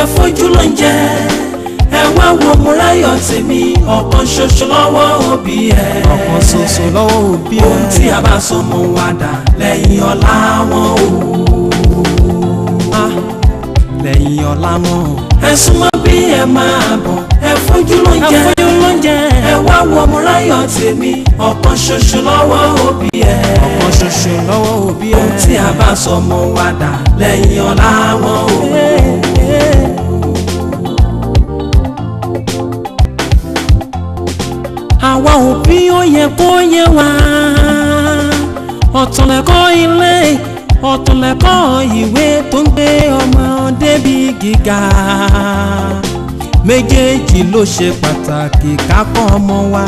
ẹ fojú ló ń jẹ ẹ wá wo Mọ́ráyọ̀ tèmi ọ̀kan ṣoṣo lọ́wọ́ òbí ẹ ọ̀kan ṣoṣo lọ́wọ́ òbí ẹ ohun tí a bá so mo wá dà lẹ́yìn ọ̀la wọn o. Ah, lẹ́yìn ọ̀la wọn o. ẹ bí ẹ máa bọ̀ ẹ ló ń jẹ ẹ wá wo Mọ́ráyọ̀ tèmi ọ̀kan ṣoṣo lọ́wọ́ òbí ẹ ọ̀kan ṣoṣo lọ́wọ́ òbí ẹ ohun tí a bá so mo wá dà lẹ́yìn ọ̀la wọn o. àwa òbí ó yẹ kó yẹ wá ọ̀tún lẹ̀kọ́ ilé ọ̀tún lẹ̀kọ́ ìwé tó ń gbé ọmọ débi gíga méjèèjì ló ṣe pàtàkì kákọ́ ọmọ wa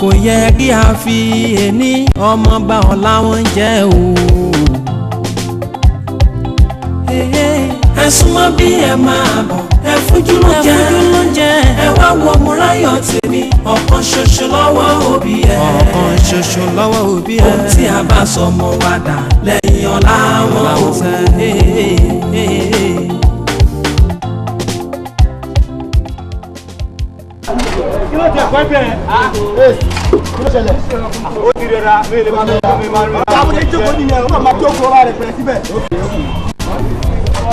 kò yẹ kí a fi ẹni ọmọ bá ọ̀la wọn jẹ́ o. ẹ súnmọ́ bí ẹ máa bọ̀ ẹ fojú ló jẹ́ ẹ wá wọ múráyọ̀ tèmi ọ̀kan ṣoṣo lọ́wọ́ òbí ẹ ọ̀kan ṣoṣo lọ́wọ́ òbí ẹ ohun tí a bá sọ mọ́ wa dà lẹ́yìn ọ̀la wọn ò tẹ̀. kí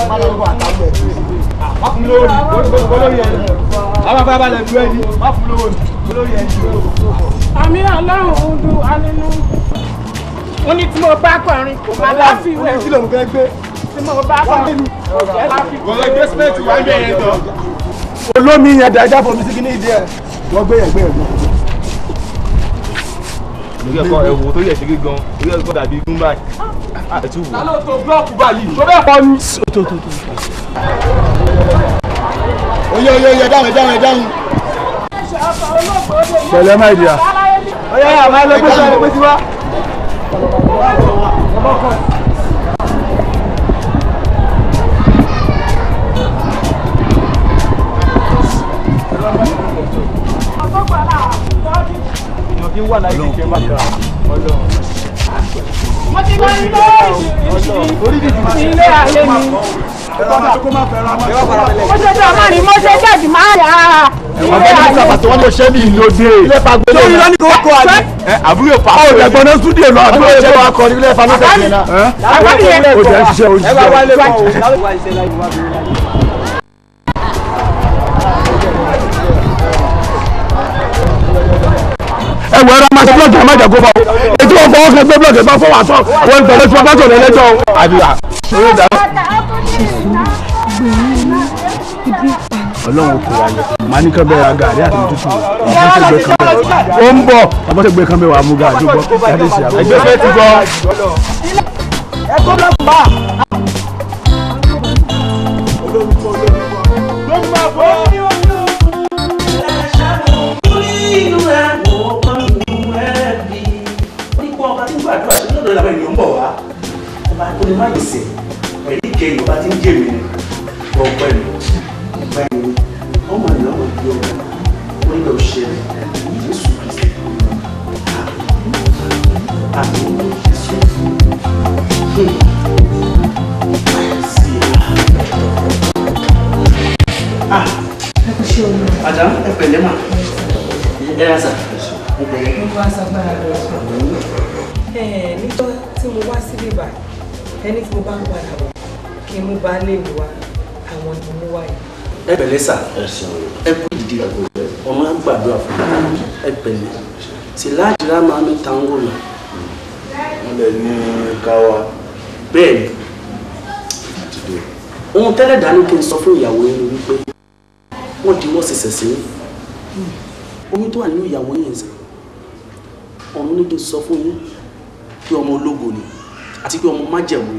má ọlọ́run ń dun alínú wọ́n ní tí mo bá kọrin kò má láfiwé tí mo bá kọrin kò má láfiwé. olómi yẹn dájá fún mi sí kí ní ìdí ẹ wọ́n gbé yẹn gbé yẹn gbé ẹ̀kọ́ ẹ̀wò tó yẹ̀ ṣe gígan lórí ẹ̀kọ́ dàbí gúmbàì a ẹtú wò. lálọ́ tó búlọ́ọ̀kù báyìí tó bẹ́ẹ̀ pọ̀ ni. tó tó tó. oyè oyè oyè dáhùn dáhùn dáhùn. pẹ̀lẹ́ máa di a. oyè oyè àwọn ẹlẹgbẹ́ sọ ẹgbẹ́ tiwa. Ọlọ́run wọ́n ti máa ń lọ ìṣìṣì ilé ayé mi. mo ṣe tí a máa ní mo ṣe jẹ́jì máa yà á. Àwọn ọmọ ní sábà tí wọ́n lè ṣe ní ìlú òde. Ilé pa gbé lórí. Lórí lórí kò wá ní. Àbúrò pa. Ó lè gbọ́n náà súdìé lọ. Àbúrò ṣe wá kọ ilé ìfà lóṣẹ̀ yẹn náà. Àbúrò yẹn kò jẹ́ ṣiṣẹ́ oṣù. Ẹ bá wálé kọ́ o. Ẹ wọ ẹ̀rọ amáṣẹ́ fúlọ́ọ̀tì amájà gómà tó fọwọ́ kan gbé blọọkì bá fọwọ́ àtọ̀ wọn gbọ́dọ̀ tí wọ́n bá tọ̀lé lẹ́jọ́ àdìyà. ọlọ́run kò wá lọ màá ní kán ra gàrí àti tútù ó ń bọ̀ àbọ̀tẹ̀gbẹ́ kan bẹ́ẹ̀ wà á mú gàrí gbọ́ yàtọ̀ sí àbọ̀. ẹgbẹ́ ti bọ́. lọ làwọn ènìyàn ń bọ̀ wá ọba tó lè má lè sè pẹ̀lú ìjẹ yorùbá tí ń jẹ mi ọgbẹ́ mi ọgbẹ́ mi ọmọ ìlú ọmọ ìlú ọmọ orí lọ ṣe Jésù Kristi àmì ah, ah, Jésù sí i. Àjà ẹ pẹ̀lẹ́ mà ẹ ẹ ẹ sà ẹ pẹ̀lẹ́. Gbogbo àṣà gbára lọ sọ níjọ́ tí mo wá sí bíbà ẹni tí mo bá ń padà bọ̀ kí n mú bá lè mi wá àwọn ni mo wá yìí. ẹ pẹ̀lẹ́ sà ẹ kú ìdí àgbo rẹ ọmọ ń gbàdúrà fún mi ẹ pẹ̀lẹ́ sì láàjìrá máa mi tango lọ. wọn lè ní káwa. bẹ́ẹ̀ni ohun tẹ́lẹ̀ dání kí n sọ fún ìyàwó yẹn ni wípé wọ́n di wọ́n ṣẹ̀ṣẹ̀ sí omi hmm. tó wà nínú ìyàwó yẹn sẹ́ ọ̀run ní kí n sọ fún yín pé ọmọ ológo ni àti pé ọmọ májẹ̀mú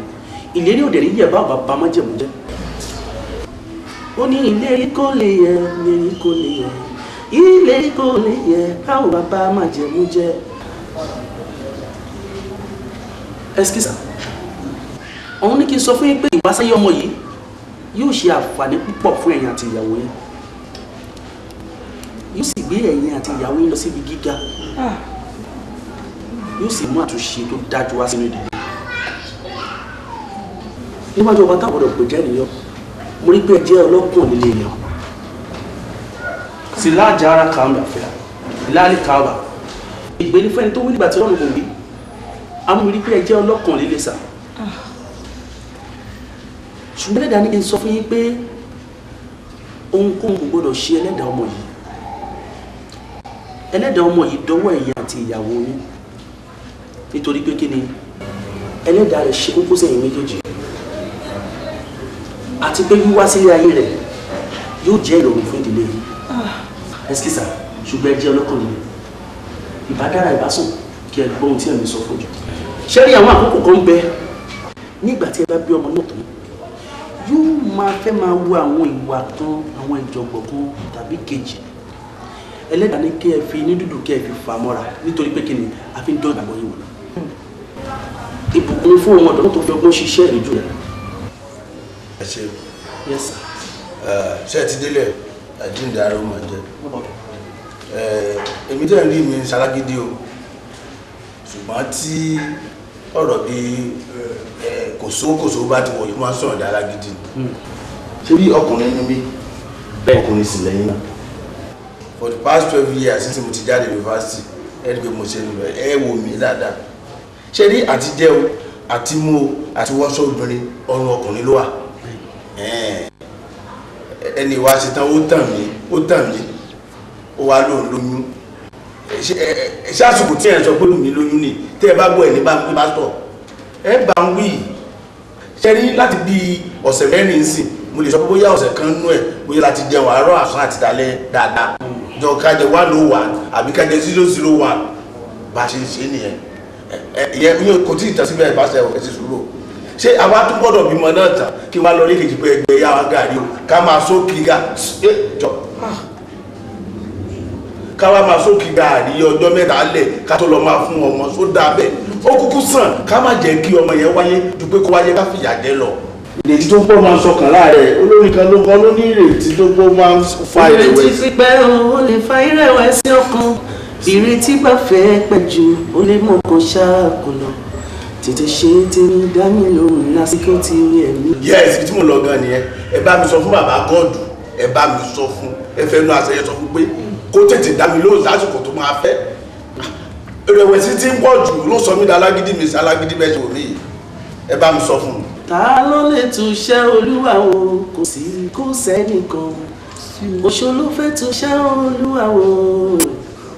ìlérí òdẹ̀ níyẹ̀ bá bàbá májẹ̀mú jẹ́ ó ní ìlérí kò lè yẹ̀ ìlérí kò lè yẹ̀ ìlérí kò lè yẹ̀ káwọn bàbá májẹ̀mú jẹ́ ẹsikísà òun ní kí n sọ fún yín pé ìwásáyé ọmọ yìí yóò ṣe àǹfààní púpọ̀ fún ẹ̀yin àti ìyàwó yín yóò sì gbé ẹ̀yin àti ìyàwó yín lọ síbi gíga. Ah yóò sì mú àtúnṣe tó dájú wá sínú ìdílé níwájú ọba táwọn ọ̀dọ̀ kò jẹ́ nìyọ mo rí pé ẹ jẹ́ ọlọ́kùn nílé yẹn sì láàjà ara kàmbà fìlà ìlàlẹ̀ kàmbà ìgbé ní fẹ́ni tó wí nígbà tí ọlọ́run kò wí amúrí pé ẹ jẹ́ ọlọ́kùn nílé sà ṣùgbọ́n ẹ̀dá ní kí n sọ fún yín pé ohunkóhun kò gbọ́dọ̀ ṣe ẹlẹ́dàá ọmọ yìí ẹlẹ́dàá ọmọ yìí dọwọ́ ẹ̀yìn àti ìyàwó yín nítorí pé kí ni ẹlẹ́dàá rẹ̀ ṣe kókó sẹ́yìn méjèèjì àti pé wíwá sí ayé rẹ̀ yóò jẹ́ ìrọ̀rùn fún ìdílé yìí ẹsikisa ṣùgbọ́n ẹ jẹ́ ọlọ́kùnrin ìbádára ìbásùn kí ẹ gbọ́ ohun tí ẹ̀mí sọ fún mi ṣé rí àwọn àkókò kan ń bẹ nígbà tí ẹ bá bí ọmọ náà tán yóò máa fẹ́ máa wo àwọn ìwà kan àwọn ìjọ̀gbọ̀n tàbí kejì ẹlẹ́dàá ní kí ẹ fi inú dúdú kí ẹ fi fà mọ́ra nítorí pé kí ni a fi ń dán ìgbàgbọ́ yìí wọ̀nà ìbùkún fún ọmọ ọ̀dọ́ tó fi ọgbọ́n ṣiṣẹ́ rẹ̀ jù rẹ̀. ẹ ṣe ṣe ti délẹ̀ àjíǹdàrà ó máa jẹ èmi tẹ́ ń rí mi ṣalágídí o ṣùgbọ́n tí ọ̀rọ̀ bíi kòsókòsó bá ti wọ̀ yìí máa ń sọ̀rọ̀ dára gidi hmm. ṣé bí ọkùnrin ni mí bẹ́ẹ̀ ọkùnrin sì lẹ́yìn náà for the past twelve years since mo ti jáde yunifásitì ẹni pé mo ṣe ẹ wò mí dáadáa ṣe rí àti o àti mú o àti wọṣọ obìnrin ọrùn ọkùnrin ló wà ẹni wa ṣe tán ó tàn mí ó tàn mí ó wá lóun lóyún ṣé àsìkò tí ẹ̀ sọ pé lùmí lóyún ni tẹ́ ẹ bá gbọ́ ẹ̀ ní bá ń pè pásítọ̀ ẹ bá ń wí ṣe rí láti bí ọ̀sẹ̀ mẹ́rin ń sìn mo lè sọ pé bóyá ọ̀sẹ̀ kan nú ẹ̀ bóyá láti jẹun àárọ̀ àsán àti dalẹ̀ dáadáa jọ kájẹ one oh one àbí kájẹ zero zero one bá a ṣe ń ṣe nìyẹn ìyẹn mi kò tí ì tán síbẹ̀ ìbáṣẹ ẹ ti sùúrù ṣé àwa tún gbọ́dọ̀ bímọ náà tán kí wọ́n lọ lékejì pé ẹgbẹ́ yá wa gàrí o ká máa sókè gà ẹ jọ ah. ká wá máa sókè gàrí ọjọ́ mẹ́ta lẹ̀ ká tó lọ máa fún ọmọ sódà bẹ́ẹ̀ ó kúkú sàn ká má jẹ́ kí ọmọ yẹn wáyé ju pé kó wáyé ká fìyà jẹ lọ ìrètí tó pọ̀ máa ń sọkàn láàrẹ̀ olórin kan ló kọ́ ló ní ìrètí tó pọ̀ máa ń fa ìrẹ̀wẹ̀sì. ìrètí ti pẹ́ o ó lè fa ìrẹ̀wẹ̀sì ọkàn ìrètí bá fẹ́ pẹ́ jù ó kan ṣáàkù lọ tètè ṣe tèmi dá mi lóhùn lásìkò tí ó yẹ mí. yes ibi tí mo lọ gan nìyẹn ẹ bá mi sọ fún bàbá gọ́ọ̀dù ẹ bá mi sọ fún ẹ fẹ́ nu àṣeyẹ sọ fún pé kó tètè dá mi lóhùn lásìkò tó máa fẹ́ ìrẹ̀wẹ̀sì tí ń pọ̀ jù ló sọ mí di alágídí mi sí alágídí bẹ́ẹ̀ ẹ bá mi sọ fún ta ló lè tún olúwa o kò sí kó sẹ́nìkan òṣèlú fẹ́ tún olúwa o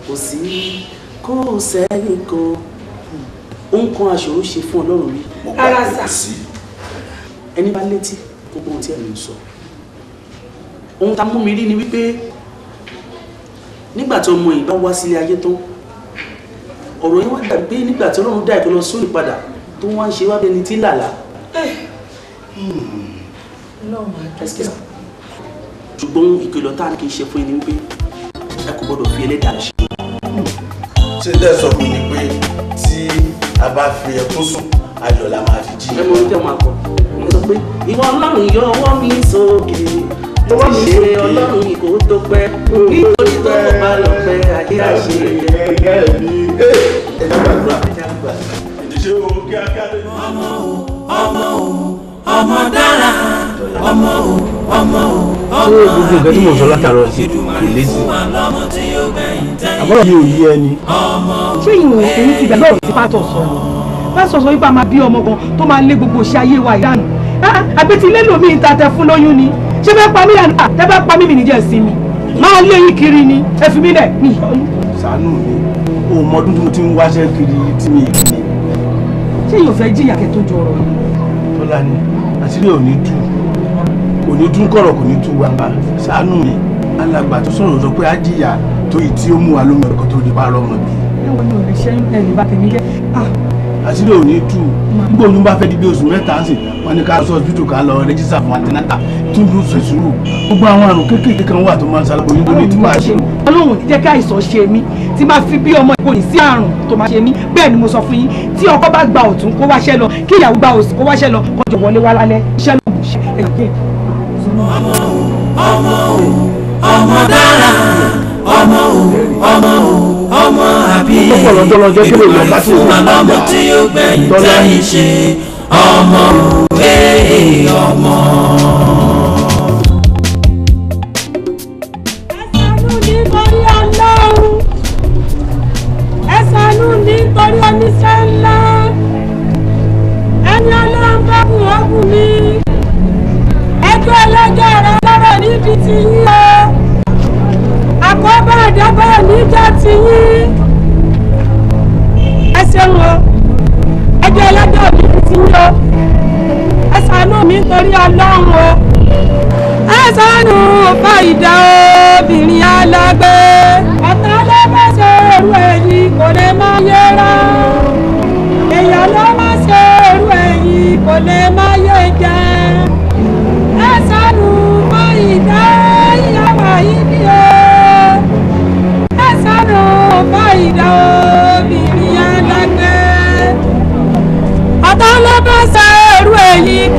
kò sí kó sẹ́yìn kan ó ń kan aṣòro ṣe fún ọlọ́run rí. mo bá a sí. ẹni bá létí gbogbo ohun tí ẹ̀mí ń sọ ohun tá a mú mi rí ni wípé nígbà tí ọmọ yìí bá wá sílé ayé tán ọ̀rọ̀ yẹn wá dàgbé nígbà tí ọlọ́run dá ìkọlọ sóòlù padà tó wá ń ṣe wá bẹni tí làlá. ṣùgbọ́n ìkìlọ̀ tá a ní kí ṣe fún yín wípé ẹ kò gbọ́dọ̀ fi ẹlẹ́dàá ṣe ṣé dẹ́ sọ fún mi pé tí a bá fi ẹkún sùn ayọ̀ la máa fi jí. ẹ mọ oúnjẹ máa kọ mo sọ pé ìwọ ọlọ́run yọ ọwọ́ mi sókè tó wọ́n ṣe ọlọ́run ìkó tó pẹ́ nítorí tó kò bá lọ pẹ́ ayé àṣẹ. ọmọ o ọmọ o ọmọ dára ọmọ o ọmọ o ọmọ àbí ìdùnnú fún wa lọ́mọ tí yóò gbẹ̀yìn àbọ̀rọ̀ mi ò yí ẹni. ṣé ìwọ̀n èyí ti gbàgbọ́ ọ̀rọ̀ tí pátọ̀ sọ ni pátọ̀ sọ wípé a máa bí ọmọ kan tó máa lé gbogbo iṣẹ́ ayé wa ìdánù àbẹ̀tí ilé lòmí ìta tẹ fún lóyún ni ṣé fẹ́ pa mí àná tẹ fẹ́ pa mí mi nìjẹ́ sí mi máa lé yín kiri ni ẹ fi mí lẹ̀ mi. ṣàánú mi o mọ ọdún tó ti ń wáṣẹ́ kiri tí mi kì í. ṣé yóò fẹ́ jìyà kẹ́ tó jọ ọ̀rọ̀ yìí. tọ́lá ni àṣírí ò ní tú kò ní tú kọ̀rọ̀ kò ní tú gbangba ṣàánú mi alàgbà tó sọ̀rọ̀ sọ pé á jìyà tó yìí tí ó mú wa lómi ọ̀kọ́ tó di bá rọmọ bí. ẹwọ ni òrìṣẹ ní tú nígbà oyún bá fẹ́ di bí oṣù mẹ́ta ń sìn wọn ni ká lọ sọ́ọ́sìbítù ká lọ rẹ́jísà fún àtẹnáta tún lù sọ ìṣúrù gbogbo àwọn àrùn kéékèèké kan wà tó máa ń sálábò yín lórí tí máa ṣe. ọlọ́run ti jẹ́ kí àìsàn ṣe mí tí máa fi bí ọmọ ìkòyí sí àrùn tó máa ṣe mí bẹ́ẹ̀ ni mo sọ fún yín tí ọkọ bá gba ọ̀tún kó wáṣẹ́ lọ kí ìyàwó gba òsì kó wáṣẹ́ lọ kọjọ wọlé wá lálẹ́ iṣẹ́ ló ṣe ẹ̀yìn ọmọ o ọmọ o ọmọ àbí ìdúró fún ọlọ́mọ tí ó gbẹ̀yìn tẹ́yìn ṣe ọmọ o ee ọmọ. nítorí oníṣẹ́ ńlá ẹni ọlọ́run bá bù ọ́ bù mí ẹjọ́ ẹlẹ́jọ́ rẹ lọ́rọ̀ níbi tí yín o àdàbà níjà ti yín ẹ ṣeun o ẹjọ́ ẹlẹ́dẹ̀ òbí ti yín o ẹ ṣàánú mi nítorí ọlọ́run o ẹ ṣàánú fàyídà obìnrin alágbé ọ̀tá ló bá ṣe èrú ẹ̀yìn kò lè má yẹra èèyàn ló bá ṣe èrú ẹ̀yìn kò lè má.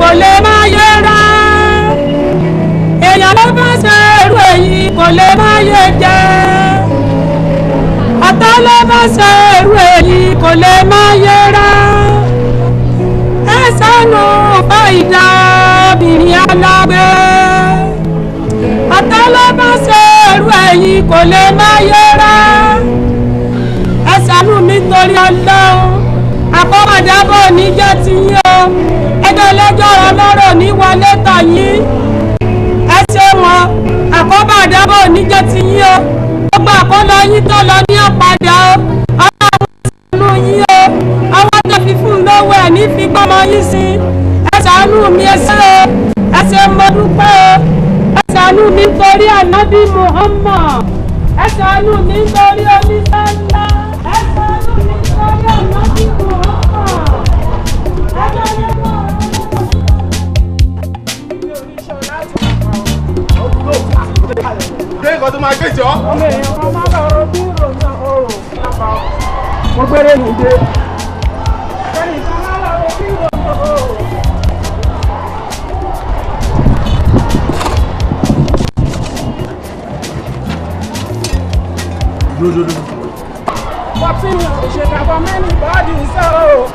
kò lè má yé rà èèyàn ló bá ṣe irú èyí kò lè má yé jẹ ọ̀tá ló bá ṣe irú èyí kò lè má yé rà ẹ sọnù fọ ìdá obìnrin alágbé ọ̀tá ló bá ṣe irú èyí kò lè má yé rà ẹ sànù mi torí ọlọ́run àkọ́wọ́dábọ̀ níjẹ́ ti yín ẹlẹ́jọ́ ọlọ́rọ̀ ní wọlé tọ̀ yín ẹ ṣe wọn àkóbá àdábọ̀ níjẹ́ ti yín o gbogbo àkólọ yín tó lọ ní ọ̀padà o ọlọ́run ṣàánú yín o ọwọ́ tó fi fún lówó ẹ̀ ní fi gbọ́mọ yín sí ẹ ṣàánú mi ẹ ṣe o ẹ ṣe mo dúpẹ́ o ẹ ṣàánú mi torí ànábì Muhammad ẹ ṣàánú mi torí oníṣẹ́ ńlá. ní nǹkan tó máa gbé jọ. ọmọ èèyàn kan máa bá ọ̀rọ̀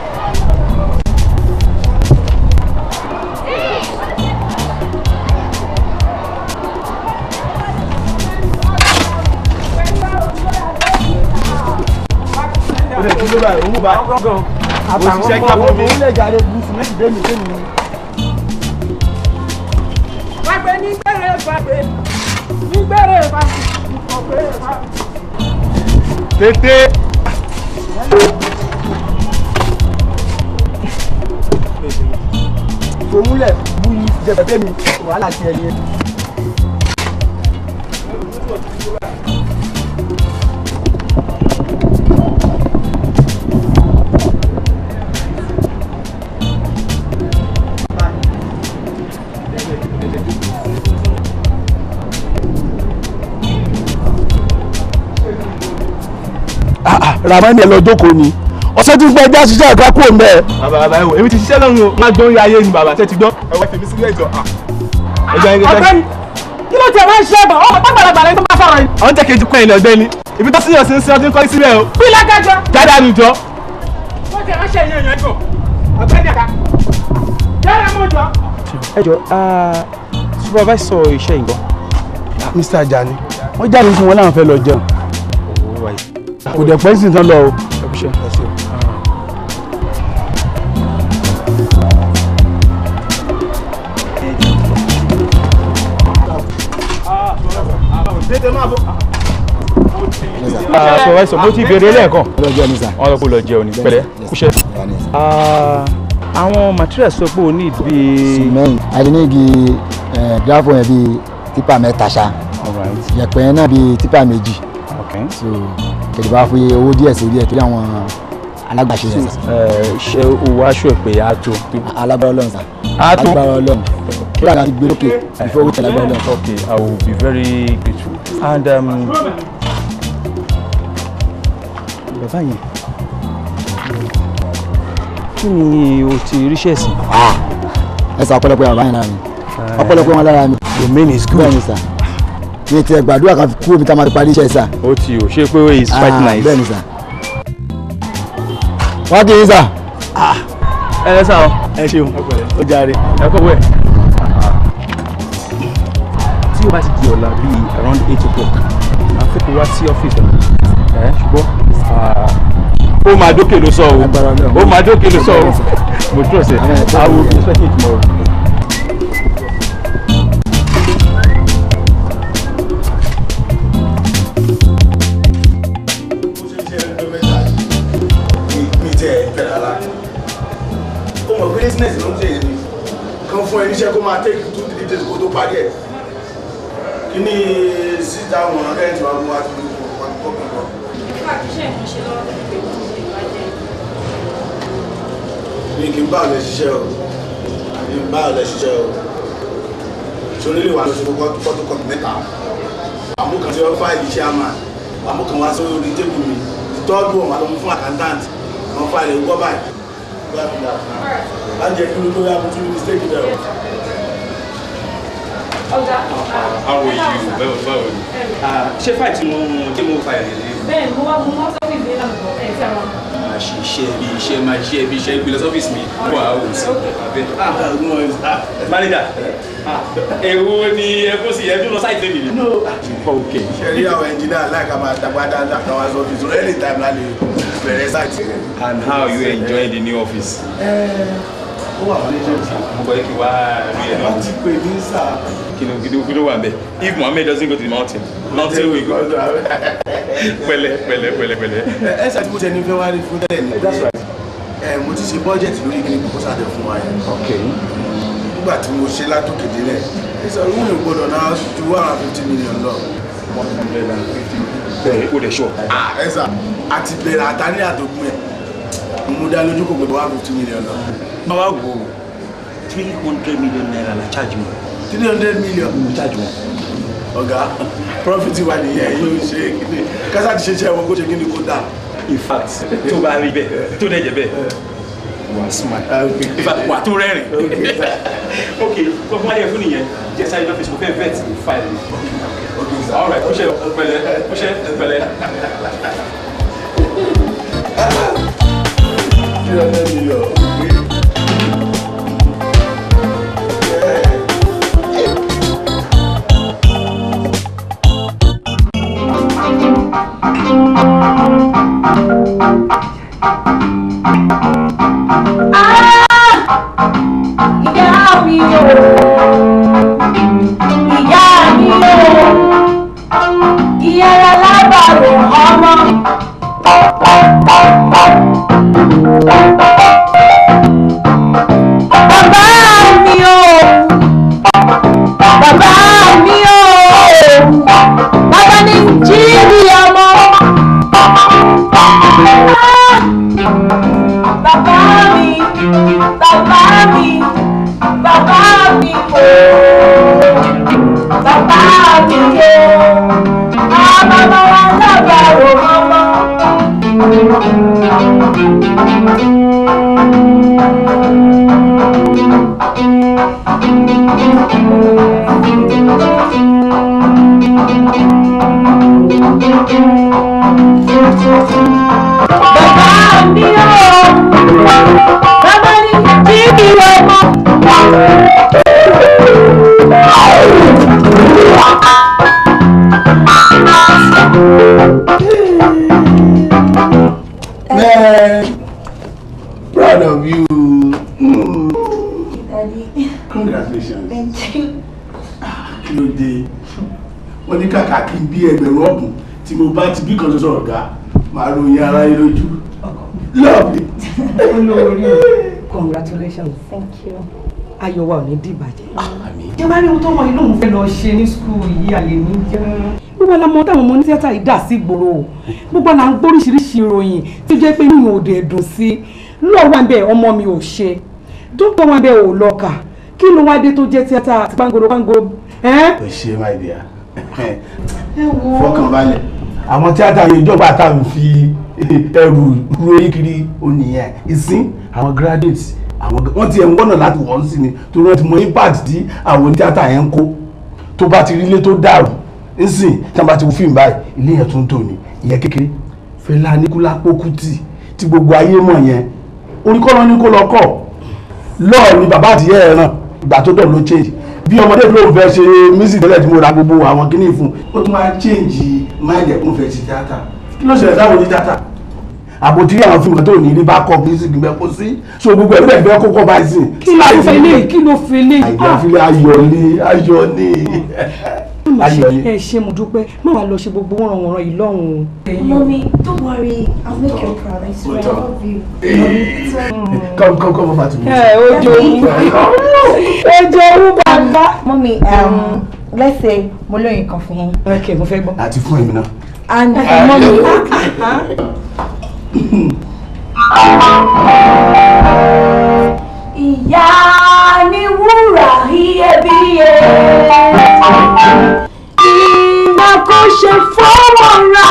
ọ̀rẹ́ ìdílé báyìí òun bá òṣìṣẹ́ jábọ̀ mi. àtàwọn ọmọ ilé ìjàre gúúsù méjì dé mi tẹ́mi. pàpẹ ní gbèrè pàpẹ ní bú yìí jẹ̀bẹ̀ bẹ́ẹ̀ mi wàhálà tiẹ̀ ni. ramani ẹ lọ jókòó ni ọ̀sẹ̀ tí ń gbẹ já kú òun bẹ́ẹ̀. bàbá bàbá ẹ èmi ti ṣiṣẹ́ lọ́run o má dán ya ayé ni bàbá ṣe ti dán. ẹ wá fèmí sílẹ̀ ìjọ. ọ̀gbẹ́ni kí ló tiẹ̀ máa ń ṣe ẹ̀bà ọ̀pọ̀ gbàlagbà lẹ́yìn tó máa sọ̀rọ̀ yìí. àwọn jẹ́ kejì pẹ́yìn ọ̀gbẹ́ni ibi tó síyàn sí ń sin ọdún kọ́ síbẹ̀ o. bí lágájọ. jáde àlùjọ. kí ló tiẹ̀ máa ń ṣe èèyàn ẹ̀jọ̀ kò dẹ̀ pẹ́ sí tán lọ o. sọ̀rọ̀sọ̀ mo ti bèrè lẹ́ẹ̀kan ọ̀rọ̀ kò lọ jẹun ní pẹ̀lẹ́ kúṣẹ́. Ah, àwọn materials sọ pé o ní ìdí. cement àdínígi dáàbò eh, yẹn bíi tipa mẹ́ta ṣá yẹ̀pẹ̀ náà bíi tipa méjì tẹ̀lébà fi owó díẹ̀ sí díẹ̀ torí àwọn alágbàṣe rẹ̀ sà. ṣé owó aṣọ pé a alágbára Ọlọ́run sà. a alágbára Ọlọ́run kí wàá ti gbé lókè before owó tẹ̀lébà Ọlọ́run. Okay, I will be very grateful. And um, bàbá yẹn kí ni o ti ríṣẹ́ sí. Ah, ẹ sọ ọ̀pọ̀lọpọ̀ bàbá yẹn lára mi ọ̀pọ̀lọpọ̀ wọn lára mi. the main is good. bẹ́ẹ̀ yìí ti ẹ gbàdúrà ká kúrò mi tá a máa parí iṣẹ́ sà. ó ti o ṣe pé o is quite ah, nice. bẹ́ẹ̀ ni sà. wọ́n kì í ah. sà. ẹ lẹ́sà o. ẹ ṣeun ó jàre. ẹ kọ́ wẹ̀. tí o bá ti di ọ̀la bíi around eight o'clock àfikún wá sí ọ́fíìsì ẹ̀ ṣùgbọ́n ah, ó máa dókè ló sọ o ó máa dókè ló sọ o mo trust ẹ i will be expecting tomorrow. se kó máa take two three days kó tó parí ẹ̀ kí ni síta wọn ẹ̀ tí wàá mú wa ti mú wọn kó kàn lọ. mi kì í bá ọ̀lẹ́ ṣiṣẹ́ o mi kì í bá ọ̀lẹ́ ṣiṣẹ́ o sórí lè wà lóṣù photocopy mẹ́ta àmúkan tí wọ́n fáìlì chairman àmúkan wá sórí tébù mi tọ́jú ọ̀mà ló mú fún accountant wọ́n fáìlì gbọ́ báyìí láti dà láti jẹ́ kí ló tó yá mú tún mistake bẹ̀rẹ̀. How are you? Báwo báwo ni? Ah, ṣé fáì tí mo mú tí mo fa ìrìn lé? Bẹ́ẹ̀ni, mo wá mo wá sọ́fì ìgbé náà lọ ẹ̀ sí àwọn. Máa ṣe iṣẹ́ bí iṣẹ́ máa ṣe bí iṣẹ́ gbé lọ sọ́fíìsì mi. Wà á wò sí. Ah, ah, Mánéjà, èwo ni ẹ kó sí ẹdún lọ sáìtì mi ni? Okay. Ṣẹ̀rí àwọn ẹnjìnà aláìka máa dàgbà dáadáa káwá sọ́fíìsì rẹ̀ anytime lálẹ́ bẹ̀rẹ̀ sáìtì. And how you enjoy the new office? Uh, ó wà wọlé jẹ́ ìsà. mo kọ́ if Mohammed doesn't go to the mountain mountain will go. pẹ̀lẹ́ pẹ̀lẹ́ pẹ̀lẹ́ pẹ̀lẹ́. ẹ ẹ ṣàtúntò tẹ ní fẹ́ fún tẹ́lẹ̀ that's right. ẹ mo ti ṣe bọ́jẹ̀tì lórí kí ni kò sáré fún wa yẹn. okay. nígbà tí mo ṣe látòkè délẹ̀ ẹ sọ wọ́n mi gbọ́dọ̀ náà ju one hundred fifty million lọ. one hundred and fifty bẹ́ẹ̀ o lè ṣọ. ẹ sà àti bẹ̀rẹ̀ àtàrí àtòkùn ẹ̀ mo dá lójú kò gbọdọ̀ one fifty million lọ má wá wò ó three hundred million naira la charge wọn. three hundred million. mo charge wọn. ọ̀gá profit wà nìyẹn yóò ṣe kíni kásá ti ṣe ṣe ẹ̀wọ̀n kó ṣe kíni kó dà. in fact tó bá rí bẹ́ẹ̀ tó dẹ̀ jẹ́ bẹ́ẹ̀ wà smart ah, in fact wà tó rẹ́rìn. ok kó fún adé fún nìyẹn jẹ́ sáré lọ́fíìsì mo fẹ́ vet file mi. all right kúṣẹ́ pẹ̀lẹ́ kúṣẹ́ pẹ̀lẹ́. Ah, three hundred million. ọlọ́run sọ̀rọ̀ ọ̀gá màá ròyìn ara yín lójú lọ́ọ̀bì. congratulations thank you ayọ̀ wa ò ní dìbàjẹ́. jẹ́ bá rí ohun tó wọ inú òun fẹ́ lọ ṣe ní skul yìí àlè mi jẹ́. wíwá la mọ táwọn ọmọ ní tíátà yìí dà sí ìgboro o gbogbo la ń gbóríṣiríṣi ìròyìn tó jẹ́ pé yìnyín òde ẹ̀dùn sí i lọ́ọ̀ wà bẹ́ẹ̀ ọmọ mi ò ṣe dókítà wà bẹ́ẹ̀ ò lọ kà kí ló wá dé tó jẹ́ tíátà àti pangoro pangoro. ẹ ṣe máa dìá fọkàn balẹ̀ àwọn tíátà ìjọba àtàwọn fi eh, ẹrù ru eyín kiri oníyẹn ìsín àwọn graduates àwọn wọ́n ti ẹ̀ ń gbọ́nà láti wọ́n sí ni torí wọ́n ti mọ impact tí àwọn tíátà yẹn ń kó tó bá ti rí ilé tó dàrú nsìn tí wọ́n bá ti wo fíìmù báyìí ilé yẹn tún tò ní ìyẹn kékeré Fẹlá Aníkúlápó Kútì tí gbogbo ayé mọ̀ yẹn oníkọ́lọ́ ní kó lọ kọ̀ lọ́ọ̀ ni bàbá àtìyẹ ẹ̀ ràn ìgbà tó dọ̀ ló change bí ọmọdé ló ń fẹ́ ṣe music tẹ́lẹ̀ tí mo ra gbogbo àwọn kíní fún ó tún máa change má jẹ́ àwọn fíìmù tó ní ní bá kọ sígi bẹ sí so gbogbo ẹgbẹ ẹgbẹ kókó bá sí. kí ló fi lè kí ló fi lè. àyàfilẹ ah! ayọ̀ ni ayọ̀ ni. ẹ ṣe mo dúpẹ́ má wàá lọ ṣe gbogbo wọn yìí lọ́hùn-ún. mọ́mí don't worry i'll make you proud i swear i love you. come come come over to me. ẹ ojo ojo bàbá. mọ́mí let's say mo lóyún kan fún yín. ok mo fẹ́ gbọ́. àti fún èmi náà. and ọmọ mi. ìyá ni wúrà iyebíye ìgbà kò ṣe fọwọ́ ra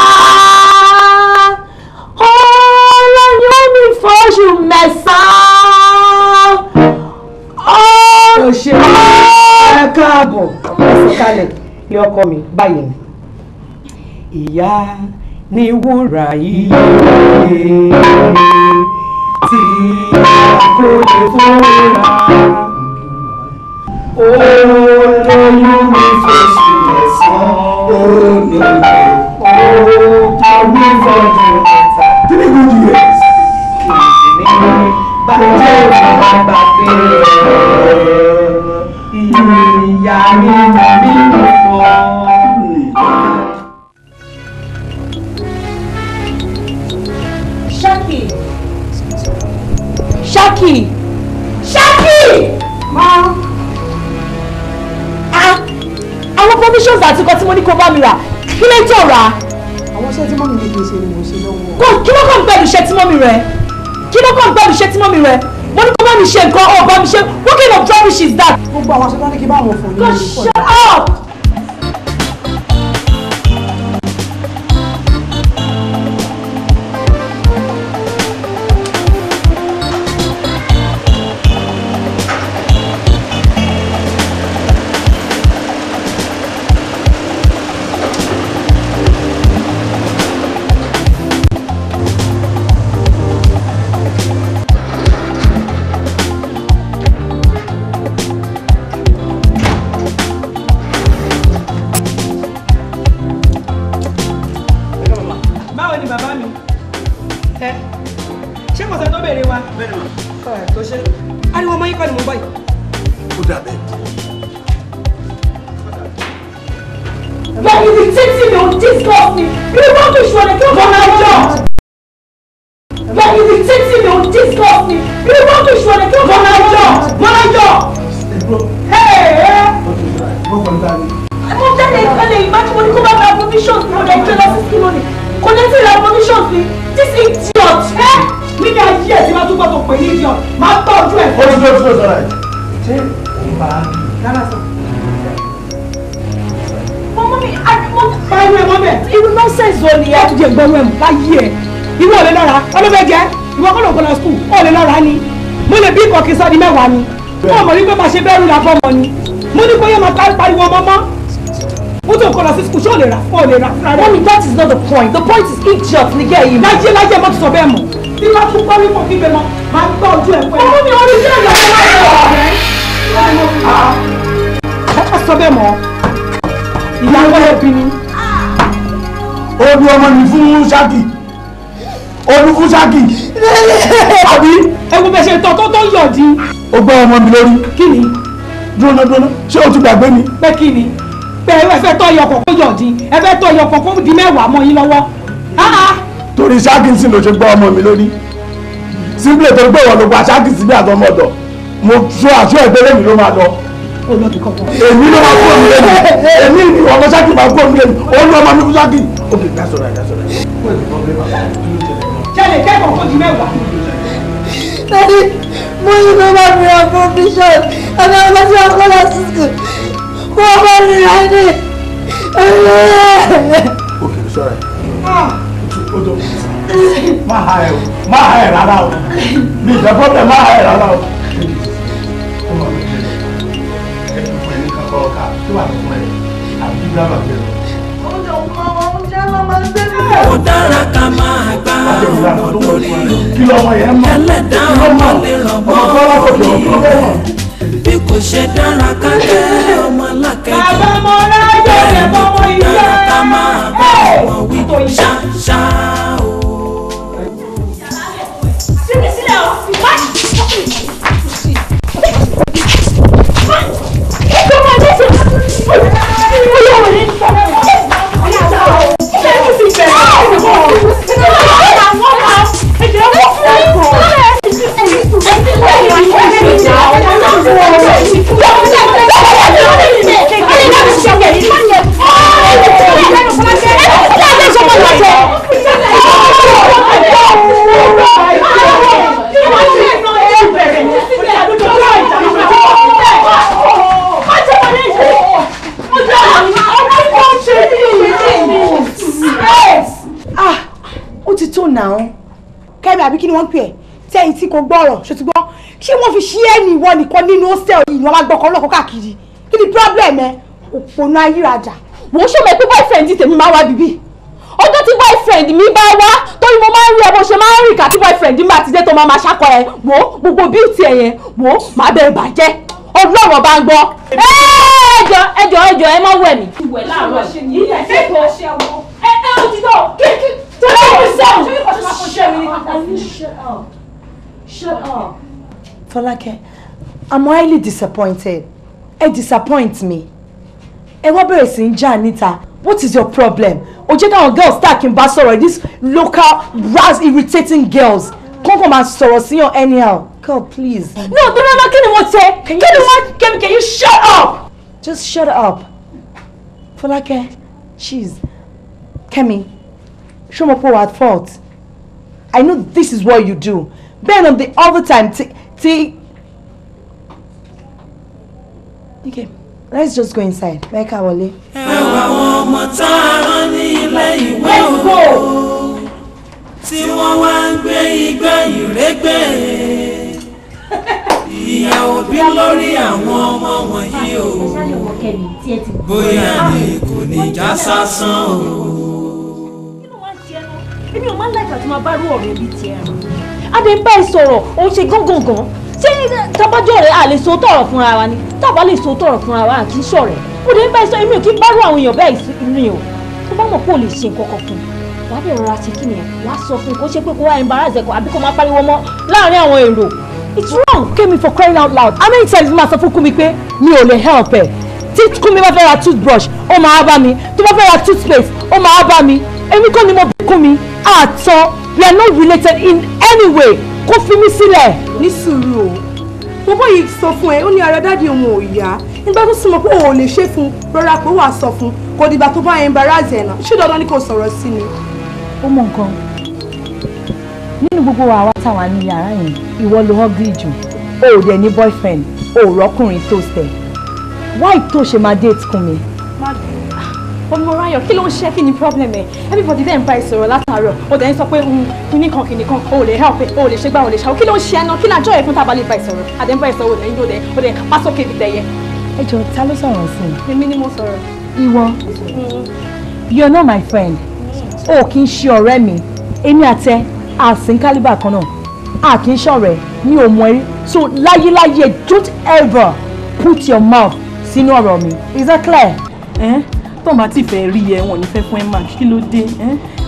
ọlọ́yún mi fọ́ṣù mẹ́sàn-án. ó ṣe é káàbọ̀ kalẹ̀ ilé ọkọ mi báyìí ni. ìyá ni wúrà iye tí àkójọ fúnra olóyún mi fèsì ẹ̀sán olóyún àwífọ̀dù ẹ̀ta. three good years. bàjẹ́ ìwà bàbá bèrè ìlú ìyá mi mi ò fọ́. Ṣákì Ṣákì Ṣákì. Ma. Àwọn commissions àti nǹkan tí mo ní kó bá mi rà kí lè jọ rà. Àwọn iṣẹ́ tí mọ́mí mi kì í ṣe ni mo ṣe lọ́wọ́. Kò kí ló kàn ń gbẹ́lu iṣẹ́ tí mọ́mí rẹ̀? Kí ló kàn ń gbẹ́lu iṣẹ́ tí mọ́mí rẹ̀? mo ní kó bá mi ṣe nǹkan ọ̀ bá mi ṣe what kind of rubbish is that. gbogbo àwọn aṣọ tó ní kí bá wọn fò ní ìlú pọ̀ ìgbà tí mo ní kó bá ra provisions ní ọ̀dọ̀ ìjọba sísí lónìí kò ní sí ra provisions ní this idiot ẹ́ mi ní ayé ẹ̀ tí wọ́n tún gbọ́dọ̀ pè ní idiot máa tọ́jú ẹ̀. ó ti tó tó sọ̀rọ̀ ẹ̀. ṣé òun bá a bí. rárá sọ. mọ́mọ́ mi àdìmọ́ pariwo ẹ̀ mọ́mọ́ ẹ̀. irú nọ́ọ̀sẹ̀sì wo ni ẹ ti jẹ gbọ́rú ẹ̀ láyé ẹ̀ irú ọ̀lẹ́ lọ́ra ọlọ́fẹ́ jẹ́ ìwọ kọ́ ló gbọ́dọ̀ skul ọ̀lẹ́ lọ́ra ni mo lè bí ìkọ̀kí sọ́ni mẹ́wàá ni ọmọ ní pé máa ṣe bẹ́ẹ̀ rú làbọ̀ mọ́ ni mo ní kó yẹ máa pariwo mọ́mọ́ What nǹkan lọ sí sukùl ṣé ò lè rà fún ò lè that is not the point the point is if just ní gẹ́ẹ̀ Like láyé like mọ́tò sọ bẹ́ẹ̀ mọ̀. bí wọ́n to gbọ́ wípé kí bẹ́ẹ̀ mọ́ máa ń gbọ́ ojú ẹ̀ pẹ́. ọmọ mi orí iṣẹ́ ìyàwó láyé ọ̀rẹ́. ẹ sọ bẹ́ẹ̀ mọ́ ìyàwó ẹbí ni. olú ọmọ mi fún ṣáàkì olú fún ṣáàkì àbí. ẹ̀wù bẹ̀ ṣe tọ́ tó tó yọ̀ di. ó gbọ́ ọmọ mi lórí. kí ni. dúró náà dúró náà ṣé o ti gbàgbé mi. pé kí ni pé ẹ fẹ́ tọ́ yọkọ̀ kó yọ̀ dín ẹ fẹ́ tọ́ yọkọ̀ kó di mẹ́wàá mọ́ yín lọ́wọ́. torí ṣáàkìsì ló ṣe gbọ́ ọmọ mi lórí síbílẹ̀ torí pé ìwọ ló gba ṣáàkìsì bí àtọmọ ọ̀dọ̀ mo sọ àṣọ ìgbélé mi ló máa lọ. èmi ló máa kúrò nílé mi èmi ni ọmọ ṣáàkì máa kúrò nílé mi ó ní ọmọ mi fún ṣáàkì. ok that's all right that's all right. ṣẹlẹ̀ kẹ́kọ̀ọ́ kó di mẹ́wàá mo ní kó bá mi ra provision àbí àwọn ọmọ tí wọn kọ́ lọ sí school wọ́n bá mi rà ní. òkè sọ̀rọ̀ ó tó má ha ẹ̀ má ha ẹ̀ rárá o mi ìjà pọ́tẹ̀ má ha ẹ̀ rárá o. Ó dára ká máa gbá ọ̀rọ̀ lórí ẹlẹ́dàá ọmọ lè rọ̀gbọ́n lórí bí kò ṣe dára ká tẹ́ ọmọ lákẹ́jọ. àwọn ọmọ ráyè rẹ̀ mọ́mọ́ ilé. dára ká máa bá wọn wí ṣáṣá o. sílẹ̀ sílẹ̀ o Ah, ó ti tó nà án kẹ́mi àbí kí ni wọ́n pè é sẹ́yìn tí kò gbọ́rọ̀ ṣe ti gbọ́ ṣé wọ́n fi ṣí ẹni ìwọ nìkan nínú hostel yìí ìwọ́n wá gbọ́kọ́ lọ́kọ́ káàkiri kí ni problem ẹ òpònú ayírajà. mo ṣe mọ̀ pé boyfriend tèmi máa wá bíbí ọjọ́ tí boyfriend mi bá wá torí mo máa ń rí ẹ bó ṣe máa ń rìn kà tí boyfriend mi àti dé tó máa máa ṣàkọ ẹ wò gbogbo bíútì ẹ yẹn wò máa bẹ ìbàjẹ́ ọlọ́run bá ń gbọ́. ẹjọ ẹjọ ẹjọ ẹ má wẹ̀ mí. ìwẹ̀ láàárọ̀ yìí ẹ̀ ṣe tó ṣe wọ. ẹ ẹ òtítọ́ kí kí tó ṣe òun. Shut up. Fọlákẹ́, I'm highly disappointed. It disappoints me. Ẹ wá bẹ̀rẹ̀ sí ń What is your problem? Ojeda jẹ́ káwọn girls tá a kì these local ras irritating girls Come come and sọ̀rọ̀ sí yan anyhow. God please. No, don't ever kí ni wọ́n tẹ? Kí ni wọ́n kẹ́mi can you shut up? Just shut up. Fọlákẹ́, jeez. Kẹ́mi, ṣé mo pọ̀ wá at fault? I know this is what you do bẹ́ẹ̀ náà the other time ti ti. okay let's just go inside mẹ́ka wọlé. ẹ wà àwọn ọmọ tá a rán ní ilé ìwé òwò tí wọ́n wá ń gbé igbá ìrégbè ìyà òbí lórí àwọn ọmọ wọ̀nyí o bóyá ni kò ní já sásán o. èmi ò máa ń láìka tí mo bá rú ọ̀rọ̀ ibi tiẹ̀ adé ń bá ẹ sọ̀rọ̀ òun ṣe gángangan ṣé tábájọ́ rẹ̀ à lè so tọ̀rọ̀ fúnra wa ni tábà lè so tọ̀rọ̀ fúnra wa kì í ṣọ̀rẹ́ ó dé ń bá ẹ sọ èmi ò kí bárò àwọn èèyàn bẹ́ẹ̀ rìn o tó bá mọ̀ pé ò lè ṣe nǹkan kan fún un wàá dẹ̀ rọra ṣe kí nìyẹn wàá sọ fún un kó ṣe pé kó wá embarrass ẹ kọ àbí kó máa pariwo mọ́ láàárín àwọn èrò it's wrong kémi for crying out loud how many times ma sọ fún kúmi pé mi ò lè help ẹ tí kúmi bá fẹ́ ra toothbrush ó máa bá mi tó bá fẹ́ ra toothpaste ó máa bá mi èmi kọ́ ni mo bí kúmi àtọ́ we are not related in any way kó fi mí sílẹ̀. ní sùúrù o bọ́bọ́ yìí sọ fún ẹ ó ní ara dáàdi òun ò yá nígbà tó súnmọ́ pé òun ò lè ṣe fún rọra pé wàá sọ fún kò dìgbà tó bá embarrass ẹ̀ náà ṣé dandan ni kò sọ̀rọ̀ sí ni. ó mọ nǹkan nínú gbogbo àwa táwa ní yàrá yẹn ìwọ ló hungry jù o ò dẹ̀ boyfriend o ò rọ́kùnrin tó sẹ̀ wáì tó ṣe máa date kún mi. má bẹ̀rẹ̀ Olúmọ̀ráyọ̀ kí ló ń ṣe kí ni problem ẹ̀ everybody dẹ̀ ń bá ìṣòro látàárọ̀ ó dẹ̀ ń sọ pé hmm, kíní kan kíní kan o lè help o lè ṣe gbà o lè ṣàwọ́ kí ló ń ṣe ẹnu kí lájọ́ ẹ̀ fún tá a bá lè bá ìṣòro àdẹ̀ ń bá ìṣòro òdẹ̀ yóò dẹ̀ ó dẹ̀ pa sókè bí tẹ̀yẹ. ẹ jọ ta ló sọ̀rọ̀ sí i. èmi ni mo sọ̀rọ̀. ìwọ you are not my friend o kì í ṣe ọ̀rẹ́ mi èmi àtẹ àsìn kálíbà kan náà a kì í ṣọ̀rẹ́ mi ò don't ever put your mouth sínú ọ̀rọ̀ mi is that clear? Eh? tó bá ti fẹ́ rí ẹ wọn ò ní fẹ́ fún ẹ máa kí ló dé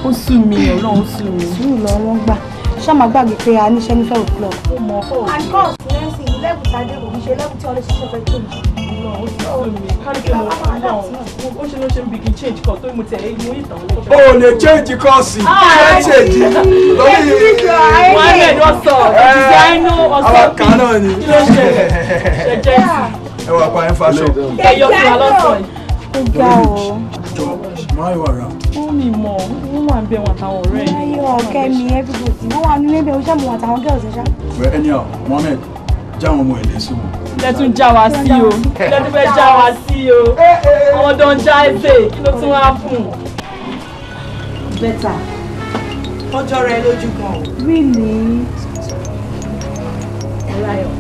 ó sú mi ọlọ́run ó sú mi. sùúrù lọ wọn gbà ṣá máa gbàgbé pé a níṣẹ́ ní fẹ́rù club. ó mọ fọ́ òkú. and course nancy e, lẹ́bù tàdé kò ní ṣe lẹ́bù tí ọlọ́sí ṣe fẹ́ tó mi. ó sú mi kárí pé mo lọ ó ṣe ló ṣe ń bí kí change course tó mo tẹ̀ ẹ́ mo ìtàn lẹ́jọ́. o lè change course ṣe ah, change lórí mohammed ọsọ dizaino ọsọ kí ló ṣe ṣe jẹ́ sí. ẹ wà pa ẹ fashion. ẹ yọ fún wa lọ́sọ̀ yìí ó ga ọ. máyọ̀ ara. ó mi mọ̀ wọ́n wà ń bẹ wọn àtàwọn ọ̀rẹ́ mi. máyọ̀ kẹ́mi everybody wọ́n wà nílé bẹ́ẹ̀ oṣù àwọn àtàwọn girls ẹ̀ṣá. bẹ́ẹ̀ ẹni ọ mohammed já àwọn ọmọ ẹ̀lẹ́ sí wọn. lẹ́tún já wa sí o lẹ́tún fẹ́ já wa sí o ọmọ dán já ẹsẹ̀ kí ló tún wá fún. bẹ́tà ọjọ́ rẹ lójú gan. really. ẹ láyọ̀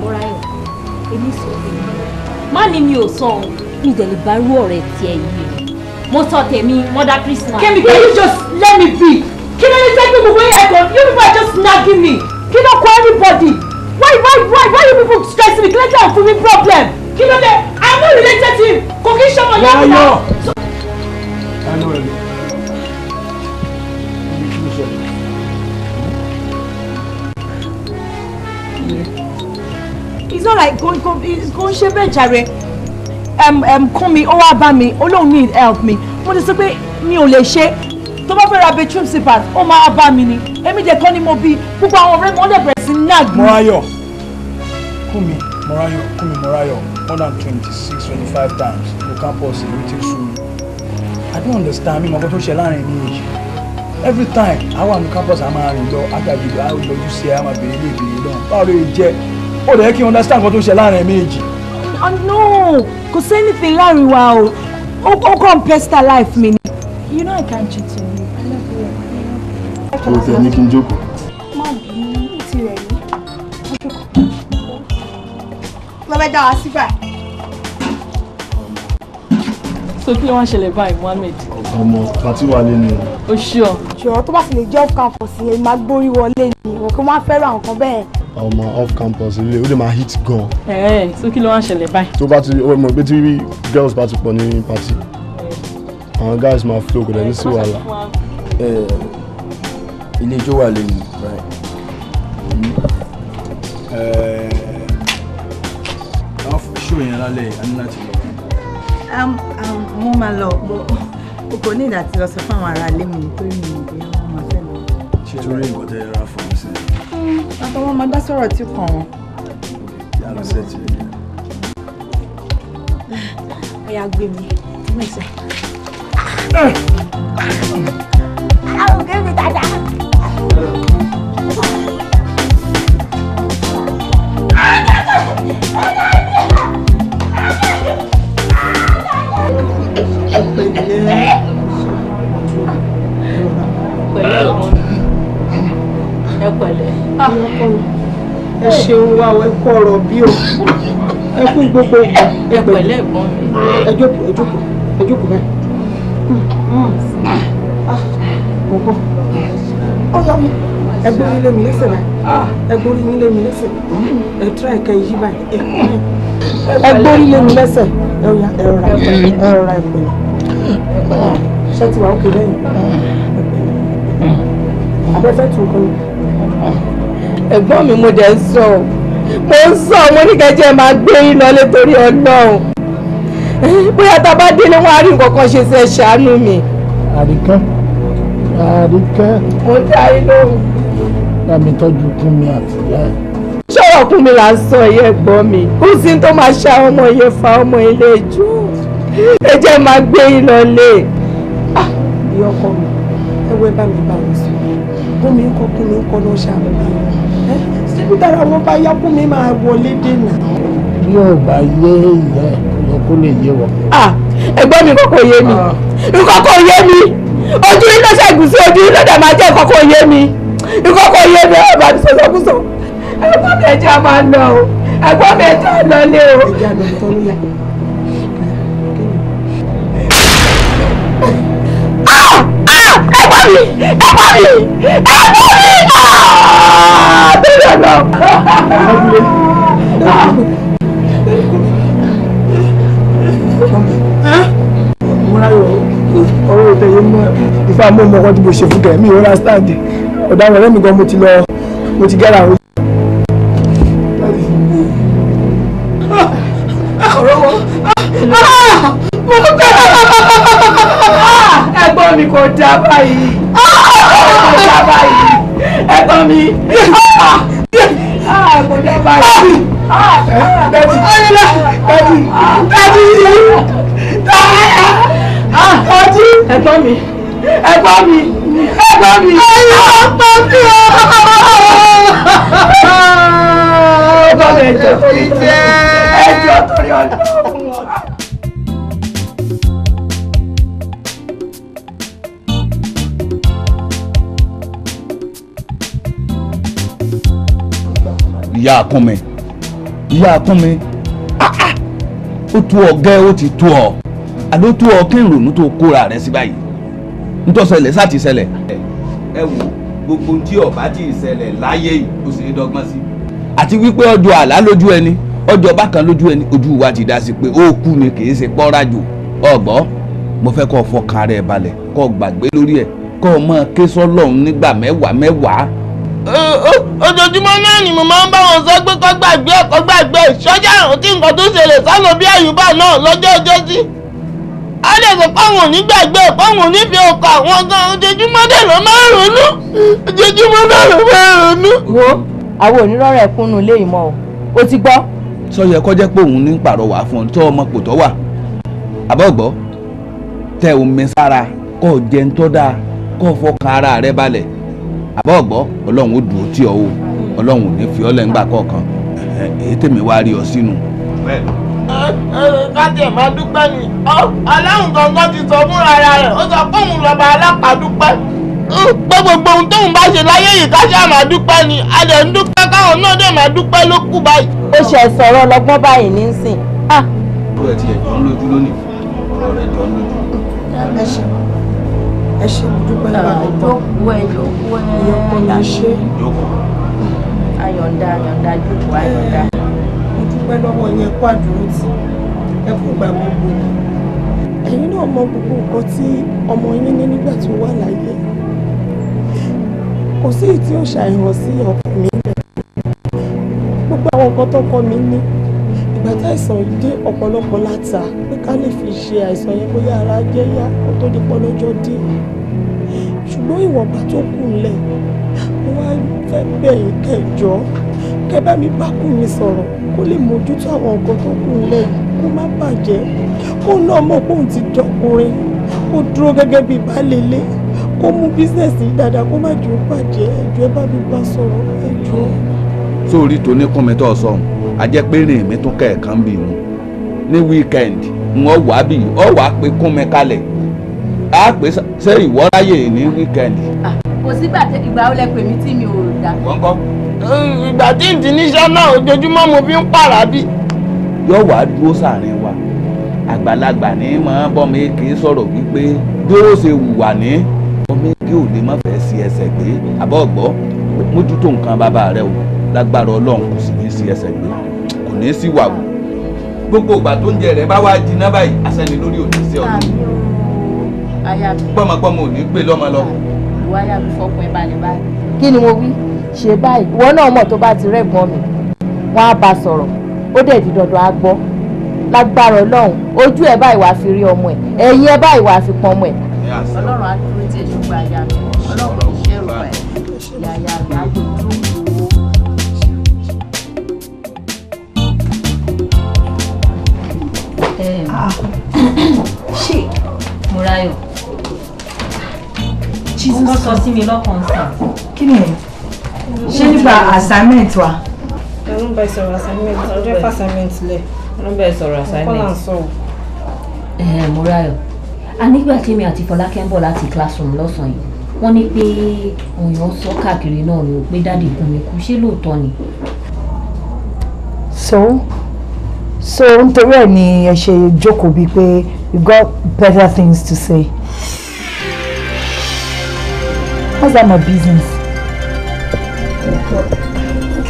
mo ráyọ̀ èmi sọ fún mi. má mi bá rú ọ̀rẹ́ tiẹ̀ yìí mo sọ tèmi mother christmas. kemi can you just let me be kí ló ní sẹ́kì gbogbo yẹn ẹ̀kọ́ you people are just nagging me kí ló kọ anybody why why why why you people stress me kí ló dé fún mi problem kí I? dé i'm not related to him kò kí n ṣọmọ yàrá. láyọ̀ láyọ̀ rẹ̀ mi. it's not like kò kò kò ń ṣe bẹ́ẹ̀ jàre kún mi ó wá bá mi ó lóun need help mi mo the sọ me mi ò lè ṣe tó bá fẹ́ ra bathroom slippers ó máa bá mi ni èmi dẹ̀ kọ́ ni mo bí gbogbo àwọn ọ̀rẹ́ mi wọ́n dẹ̀ bẹ̀rẹ̀ sí nag Morayo. Mọ́ráyọ̀ kún mi Mọ́ráyọ̀ kún mi more than twenty six twenty five times You can't pause ti sùn mi I don't understand me. My kó tó ṣe láàrin mi every time I want to campus I'm out àmà rìn lọ àgbàgbé àwọn ìjọjú sí ẹ àmà bèrè lè bèrè lọ báwo ló yẹ jẹ ó dẹ̀ kí n understand kó You're ṣe láàrin oh no kò sí anything láàrin wa o ó kàn pester life mi ni. you know i can't cheat on you i love you. kò tẹ̀ ní kí n jókòó. má bínú ti rẹ̀ ní ọjọ́ lọ́wọ́ dá wa sí báyìí. so kí ló wá ń ṣẹlẹ̀ báyìí Mohammed. ọmọ pàtí wà lẹ́nu. o ṣí ọ. ṣùgbọ́n tó bá sì lè jẹ́ off campus yẹn máa gbórí wọlé ni òkè máa fẹ́ràn àwọn kan bẹ́ẹ̀ ọmọ off campus ilé ó lè máa hit gan. ẹ ẹ so kí ló wá ń ṣẹlẹ̀ báyìí. tó bá ti mọ̀ pé tí girls bá ti pọ̀ ní party àwọn guys máa flow kò dẹ̀ ní sí wàhálà. ilé ijó wà lónìí ṣó yẹn lálẹ́ àní láti lọ. Um, um, mo máa lọ mo kò ní ìdá tí lọ sọ fún àwọn ará ilé mi nítorí mi ìgbéyàwó máa fẹ́ lọ. ṣé torí nǹkan tẹ́ ẹ ra fún àtàwọn máa dá sọ̀rọ̀ tí kàn wọ́n. yàrá sẹ́ẹ̀tì rẹ̀. ẹ̀yà gbé mi mú ẹsẹ̀. àwọn òkè mi dáadáa. Pẹ̀lú. Pẹ̀lú ẹ pẹ̀lẹ́. Ah. ẹ ṣeun wá ẹ kú ọ̀rọ̀ bí o ẹ kú gbogbo ìgbà ẹ pẹ̀lẹ́ ẹ̀gbọ́n mi. ẹ jókòó ẹ jókòó ẹ jókòó bẹ́ẹ̀. gbogbo ọyọ mi ẹ gbórí ilé mi lẹ́sẹ̀ náà ah. ẹ gbórí ilé mi lẹ́sẹ̀ ẹ tíra ẹ̀ka yí báyìí ẹ gbórí ilé mi lẹ́sẹ̀ ẹ rọra ẹ rọra ẹ rọra ẹ pẹ̀lẹ́ ṣé ti wà ó kéré yìí abẹ́fẹ́ tún kọ́ ni ẹ̀gbọ́n mi mo dẹ̀ ń sọ mo ń sọ mo ní kẹ́jẹ́ máa gbé yín lọ nítorí ọlọ́run bóyá tá a bá délé wọn á rí nǹkan kan ṣe sí ẹ ṣàánú mi. àríkẹ́ àríkẹ́. mo dá yín lóhùn. láàmì tọ́jú kún mi àti ìyá ẹ̀. sọ̀rọ̀ kún mi là ń sọ ẹ̀yẹ́ ẹ̀gbọ́n mi kó sí tó máa ṣa ọmọ yẹn fa ọmọ ilé jù máa gbé yín lé. Ah, ìyá mi ẹ wọ ẹ bá mi bá wọn sọ gómìnkọ gómìnkọ ló ṣàmùbá wọn dára wọn bá yá kó mi máa wọlé dènà. bí ò bá yé ìyá ẹ yẹ kó lè yé wọn. ẹ̀gbọ́n mi kọ́kọ́ yé mi ah. ìkọ́kọ́ yé mi ojú iná ṣẹ́gun sí ojú iná dẹ̀ máa jẹ́ ìkọ́kọ́ yé mi ìkọ́kọ́ yé mi ọ̀rọ̀ bá mi sọ̀sọ̀ kú sọ. ẹ̀gbọ́n mi ẹja máa nà o ẹ̀gbọ́n mi ẹja nà lé o. ẹ̀gbọ́n mi ẹ̀gbọ́n mi ẹ̀gbọ́n mi bẹ̀rẹ̀ lọ. ọ̀rọ̀ ìtẹ̀yẹ mọ́ ìfẹ́ àmọ́ ọmọ ọkọ tí mo ṣe fún kẹ̀ mí ìrora stand ọ̀daràn ọ̀rẹ́ mi gan mo ti lọ mo ti gẹ́ra àwọn. ọ̀rọ̀ wọn mo gbà ẹ̀gbọ́n mi kò dá báyìí kò dá báyìí ẹ̀gbọ́n mi. kò jẹ́ báyìí. bẹ́ẹ̀ni bẹ́ẹ̀ni bẹ́ẹ̀ni yìí tààyà ọtí. ẹ̀gbọ́n mi ẹ̀gbọ́n mi ẹ̀gbọ́n mi. ayọ̀ ọ̀pọ̀ mi o. ọgọ́dọ̀ ẹ̀jọ̀ torí jẹ́ ẹ̀jọ̀ torí ọ̀dọ́. ìyá akúnmi ìyá akúnmi ah, ah. ó tu ọ gẹ́ ó ti tu. ọ àló tú ọ kí n ronú tó kóra rẹ sí báyìí nítòsẹlẹ sáà ti ṣẹlẹ̀. ẹ wo gbogbo tí ọba ti ṣẹlẹ̀ láyé yìí kò sì ní dọ́gbọ́n sí. àti wípé ọjọ́ àlá lójú ẹni ọjọ́ bákan lójú ẹni ojú wa ti dá sí pé ó kú ni kì í ṣe pọ́nrájò ọgbọ́n mo fẹ́ kó fọkàn rẹ̀ balẹ̀ kó gbàgbé lórí ẹ̀ kó máa ké sọ́lọ́run nígbà mẹ́wàá mẹ́wàá ojoojúmọ́ náà ni mo máa ń bá wọn sọ pé kó gbàgbé ẹ̀kọ́ gbàgbé ìṣọ́jà àrántí nǹkan tó ṣẹlẹ̀ sánà bí àyùbá náà lọ́jọ́ ọjọ́ sí. a lè sọ pé àwọn ò ní gbàgbé pé àwọn ò ní fi ọkọ̀ àwọn gan ojoojúmọ́ dẹ̀ ló máa ń ronú ojoojúmọ́ náà ló máa ń ronú. wo àwọn onírọ́rẹ̀ kúnnú ilé ìmọ̀ o o ti gbọ́. sọ yẹ kó jẹ́ pé òun ní pàrọwà fún ọ tó ọmọ kò tọ́ wà àbọ̀gbọ́ tẹ omi sára kó jẹun tó dáa kó fọkàn ara rẹ balẹ̀ àbọ̀ ọ̀gbọ́ ọlọ́run ó dùn ó tì ọ́ o ọlọ́run ò ní fi ọ́ lẹ́ńgbà kọ̀ọ̀kan èyí tèmi wá rí ọ sínú. káàdì ẹ̀ máa dúpẹ́ ni ọlọ́run gangan ti sọ fúnra rẹ̀ ó sọ fóun lọ́ba alápàdúpẹ́ pé gbogbo ohun tóun bá ṣe láyé yìí ká ṣáà máa dúpẹ́ ni a lè ń dúpẹ́ káwọn náà dẹ̀ máa dúpẹ́ ló kù báyìí. ó ṣe sọ̀rọ̀ ọlọ́gbọ́n báyìí ní sìn. ọ̀rọ̀ ah. ẹ̀ tiẹ̀ jọ ń lójú lónìí ọ̀rọ̀ rẹ̀ jọ ń lójú ẹ ṣe mo dúpẹ́ nípa ẹ̀gbọ́n yòókù ẹ yòókù ẹ yòókù ẹ ṣe ayọ̀ǹda ayọ̀ǹda yòókù ayọ̀ǹda. mo dúpẹ́ lọ́wọ́ yẹn kó àdúró tì ẹ kó gba gbogbo ẹ̀yin náà mọ gbogbo nǹkan tí ọmọ yín ní nígbà tó wà láyé kò sí ìtí òṣà ìhàn sí ọkọ mi gbogbo àwọn nǹkan tọkọ mi ní ìgbà tá àìsàn dé ọ̀pọ̀lọpọ̀ láta pé ká lè fi ṣe àìsàn yẹn bóyá ara jẹ́ yá kó tó di pọ́lọ́jọ́ dé ṣùgbọ́n ìwọ̀nba tó kù lẹ̀ mo wá fẹ́ bẹ̀yìn kẹjọ kẹ bá mi bá kù mi sọ̀rọ̀ kó lè mójútó àwọn nǹkan tó kù lẹ̀ kó má bàjẹ́ kó náà mọ̀ pé òun ti dọkùnrin kó dúró gẹ́gẹ́ bíi baálélé kó mú bísíǹsì dáadáa kó má jù ú bàjẹ́ ẹ̀jọ̀ ẹ bá mi bá sọ̀rọ̀ ẹ̀jọ̀. sóòrí tó ní kún mi tó sọ̀hún ajẹ́pẹ́rẹ́ mi tún kẹ̀ẹ̀kan bì mu ní weekend wọ́n wà bì ọ́ wà pé kún mi kalẹ̀ á pè ṣé ìwọ ráyè ní weekend. Ah, kò sígbà ìgbà ó lẹ pè mí tí mi ò dá. gbọ́ngàn. Eh, ìgbà tí ìdíníṣẹ́ náà ojoojúmọ́ mo fi ń pààrà bí. yóò wá dúró sàárín wa àgbàlagbà ní mọ́ bọ́mọ èké sọ̀rọ̀ wípé bí ó ṣe wùwà ní bọ́mọ èké ò lè má fẹ́ sí ẹsẹ̀ gbé àbọ̀ ọ̀gbọ́ mójútó nǹkan bàbá rẹ o lágbára ọlọ́run kò sì ní sí ẹsẹ̀ gbé ní sí wàwù gbogbo ìgbà tó ń jẹ rẹ bá wá di báyìí asẹ́ni lórí òní sí ọdún gbọ́mọgbọ́mọ ò ní gbé lọ́mọ lọ. kí ni mo wí ṣe báyìí ìwọ náà mọ̀ tó bá ti rẹ́gbọ́n mi wọ́n á bá sọ̀rọ̀ ó dẹ̀ di dandan á gbọ́ lágbára ọlọ́run ojú ẹ̀ báyìí wàá fi rí ọmọ ẹ̀ ẹ̀yìn ẹ̀ báyìí wàá fi pọn ọmọ ẹ̀. ọlọ́run á dúró tí èso gba aya mi ọlọ́run kò ṣẹ́rù ẹ̀ ìyá aya mi á gbé ṣe Mùráyọ̀ kókó sọ sí mi lọ́kàn sàn. kí ni ṣé nípa assignment wa. ẹnu bá ẹ sọ̀rọ̀ assignment ọjọ́ ẹ̀fọ́ assignment le, ẹnu bá ẹ sọ̀rọ̀ assignment. Mùráyọ̀ a nígbà tí mi àti Fọlákẹ́ ń bọ̀ láti classroom lọ́sàn-án yìí wọ́n ní pé ọ̀yàn sọ káàkiri náà ni ò pé dáàdì kùn mí kú ṣé lóòótọ́ ni. so so nítorí ẹ̀ ni ẹ ṣe jókòó bíi pé you got better things to say how's that my business.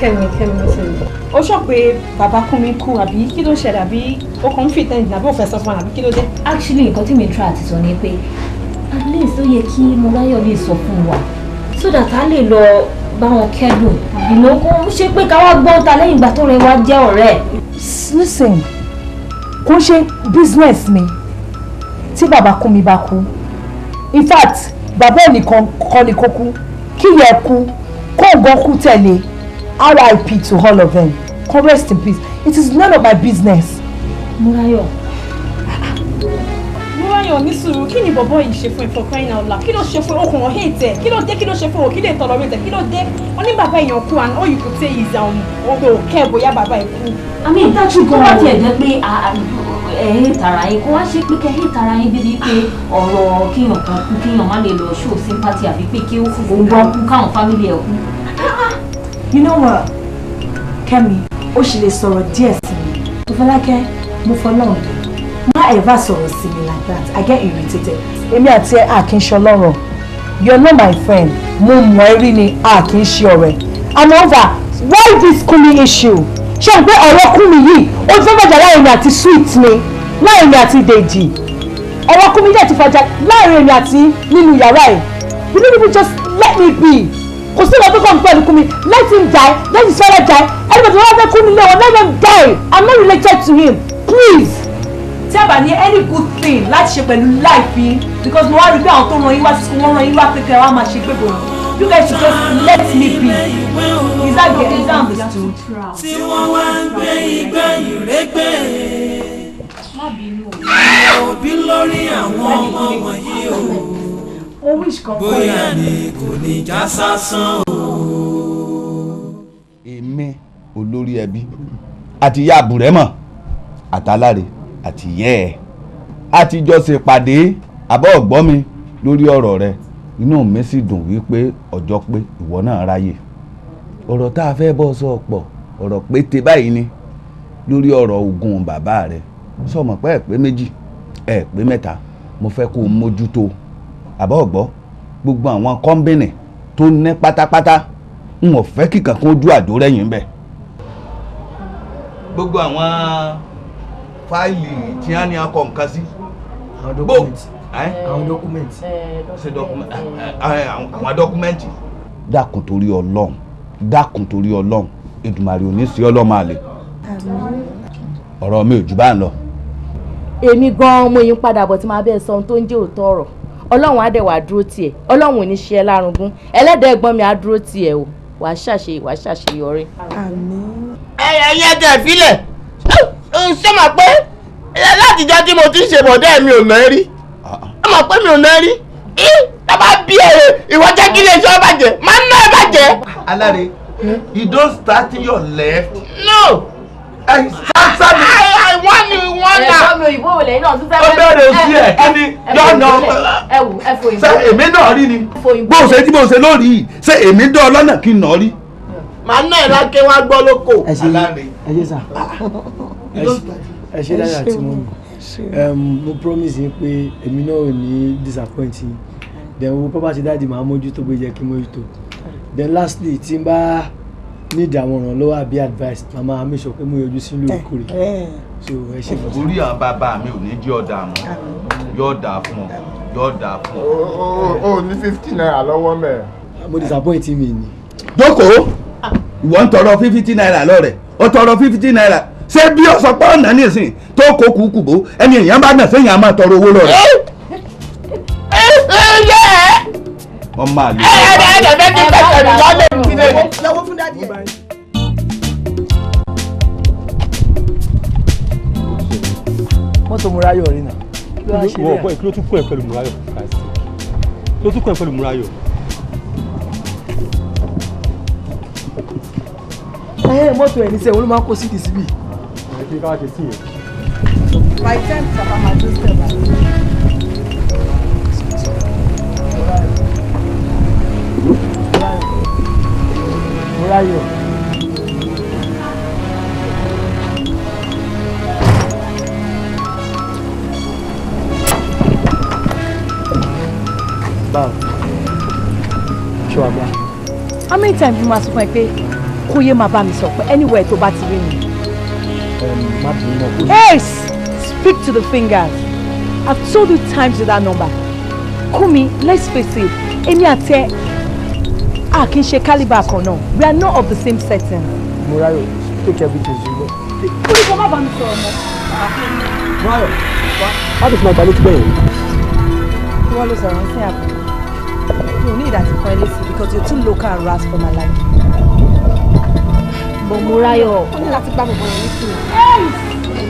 kẹ́mi kẹ́mi ṣe o sọ pé bàbá Kúnmi kú àbí kí ló ṣẹlẹ̀ àbí o ń fi tẹ́ǹdì àbí o fẹ́ sọ fún wa àbí kí ló dé. actually nǹkan tí mi try àti sọ ni pé at least ó yẹ kí Mọ́láyọ̀ lè sọ fún wa so that a lè lọ bá wọn kẹ́dùn ìná kó ṣe pé káwá gbọ́n ta lẹ́yìn ìgbà tó rẹ wá jẹ́ ọ̀rẹ́ ẹ̀. listen kò ń ṣe business mi tí bàbá kú mi bá kú in fact bàbá ẹ̀ nìkan kọ́ ni kó kú kí yẹ kú kó gan kú tẹ̀lé RIP to all of them come rest in peace it is none of my business. Murayo fáyọ̀ ní sùúrù kí ni bọ̀bọ̀ yìí ṣe fún ẹ for crying out kí ló ṣe fún okùn ọ̀hẹ́ tẹ̀ kí ló dé kí ló ṣe fún ẹ òkí lè tẹ̀ kí ló dé wọn ní bàbá èèyàn kú and all you could say is um, odo kẹ́ bóyá bàbá ẹ̀ kú. àmì ìdájú kan wá tiẹ̀ jẹ́ pé ẹ̀hìn tara yín kó wá ṣe pé kẹ́hìn tara yín débi pé ọ̀rọ̀ kíyàn kan kú kíyàn má lè lọ show sympathy sí mo fọlọ́run má ever sọ̀rọ̀ sí mi like that i get irritated. èmi àti ẹ a kì You're not my friend mo mọ̀ ẹ́ rí ni a kì í ṣe ọ̀rẹ́ over why this kumi issue ṣé go pé ọ̀rọ̀ kumi yìí ó ti fẹ́ fàjà láàrin mi àti sweet ni láàrin ati deji? dèjì ọ̀rọ̀ kumi dẹ̀ ti fàjà láàrin mi àti nínú yàrá ẹ̀ you no even just let me be kò sí ìwà tó kàn pẹ̀lú kumi let him die let his father die anybody wey wan fẹ́ kú nílé wọn let them die i'm not related to him please tí a bá ní any good thing láti ṣe pẹ̀lú life yín because mo wá rí pé àwọn tó ran yín wá sí wọ́n ran yín wá pé kẹrẹ wá máa ṣe gbẹ̀gbọ̀ you guys should just let me be is that the exam is to. tí wọ́n wá ń gbé igbá ìrégbè òbí lórí àwọn ọmọ wọ̀nyí o bóyá ni kò ní já sásán o. èmi olórí ẹbí àti ìyá àbúrẹ́mọ̀ àtàláre àtìyẹ́ ẹ̀ àtijọ́ ṣe pàdé àbọ̀ ọ̀gbọ́n mi lórí ọ̀rọ̀ rẹ inú mi sì dùn wípé ọjọ́ pé ìwọ náà ráyè ọ̀rọ̀ tá a fẹ́ bọ́ sọ pọ̀ ọ̀rọ̀ pété báyìí ni lórí ọ̀rọ̀ ogun bàbá rẹ sọmọ pé ẹ pé méjì ẹ pé mẹ́ta mo fẹ́ kó o mójútó àbọ̀ ọ̀gbọ́ gbogbo àwọn kọ́ńbìnì tó ní pátápátá n ò fẹ́ kíkan kó ojú àdó rẹ̀yìn bẹ́ẹ̀. gbogbo àwọn fáìlì tí a ní akọ nǹkan sí. àwọn dọ́kúmẹ̀ntì. àwọn dọ́kúmẹ̀ntì. ṣe dọ́kúmẹ̀ntì àwọn dọ́kúmẹ̀ntì. dákun torí ọlọ́run dákun torí ọlọ́run Èdùmàrè ò ní sí ọlọ́mọ àlè. ọ̀rọ̀ mi ò jù bá ń lọ. èmi gan-an mo yín padà bọ̀ tí màá bẹ́ẹ̀ sọ ohun tó ń jẹ́ òótọ́ ọ̀rọ̀ ọlọ́run á dẹ̀ wá dúró tiẹ̀ ọlọ́run ò ní ṣe ẹ́ lárugún ẹlẹ́dàá ẹ̀gbọ́n mi á dúró tiẹ̀ o wàá ṣàṣe wàá ṣàṣeyọrí. àmín. ẹyẹ yẹn tẹ fílẹ̀ ṣé mà pé láti jẹ́ tí mo ti ń ṣe bọ̀dẹ́ mi ò ná rí ẹ mọ̀ pé mi ò ná rí í tábà bí èrè ìwọ jẹ́ kí iléeṣẹ́ bàjẹ́ máa ń ná ẹ you don't start in your left. no. I start me. I, I want you, want that. Ẹ̀fọ́ mi òyìnbó wò lẹ́yìn náà tún fẹ́ bẹ́ẹ̀. Ó bẹ̀rẹ̀ sí ẹ̀ kí ni yọ̀nà. Ẹ wò ẹ fò òyìnbó. Ṣé èmi náà rí ni? Bó o ṣe tí mo ṣe lórí yìí, ṣé èmi dán ọ no, kí n nà ọ rí? Màá ná ẹ̀ lákẹ́ wá ẹ ṣe dáadáa tí mo mọ̀ mo promise yín pé èmi náà ò ní disappoint yín then wo pápá ṣe dáàdì máa mójútó bó yẹ kí mójútó then lastly tí n bá ní ìdàwọn ìrànlọ́wọ́ àbí advice Mama mi sọ pé mo yọjú sí lóòrèkóòrè eh, eh. so ẹ ṣe fún mi. orí àwọn bàbá mi ò ní jẹ́ ọ̀dà mọ́ yóò dà fún ọ yóò dà fún ọ. o ní fifty naira lọ́wọ́ mẹ́. mo disappoint mi ni. jókòó ah. ìwọ ń tọrọ fifty naira lọ́rẹ̀ ó tọrọ fifty naira ṣé bí ọ̀sán pọ̀ ọ̀nà nísìn tó kó kùkù bò ẹni èèyàn bá nà sẹ́yìn àmọ́ tọrọ owó lọ rẹ̀. ọmọ àlè. ẹ ẹ ẹ ẹ bẹ́ẹ̀ ti bẹ́ẹ̀ tẹ̀lé lọ́dẹ̀ mi. lọ́wọ́ fún dádì ẹ̀. mọ́tò Murayo rí nà. wọ́n bọ́ ìkí ló tún kún ẹ̀ pẹ̀lú Murayo ló tún kún ẹ̀ pẹ̀lú Murayo. ẹ mọ́tò ẹ̀ ní sẹ́wọ́n ló máa kó sídìí síbí kí n ká ṣe sí yẹn. How many times you must máa sọ fún ẹ pé kó yé anywhere to bá ti Yes, Speak to the fingers. I've told you times with that number. Kumi, let's face it, èmi àti ẹ, a kì í ṣe calibre We are not of the same setting. Murayo, take everything you know. Kúrò kọ́ má bá mi me, mọ́. Murayo, má bẹ̀ my máa gbàlejò bẹ́ẹ̀ yẹn. Wọ́n ló sọ̀rọ̀ sí àpò. You need that to find this because you're too local and rash for my life. Bọ̀mọ́ráyọ̀. ó ní láti gbá bọ̀mọ́ rẹ̀ nítorí.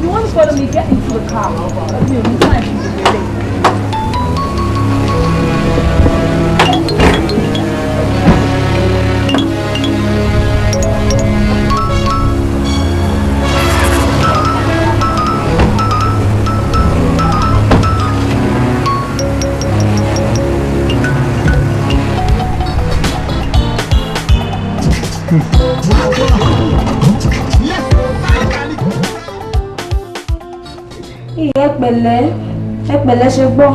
You want to follow me? Get into the car. ìyá ẹpẹ̀lẹ́ ẹpẹ̀lẹ́ ṣe gbọ́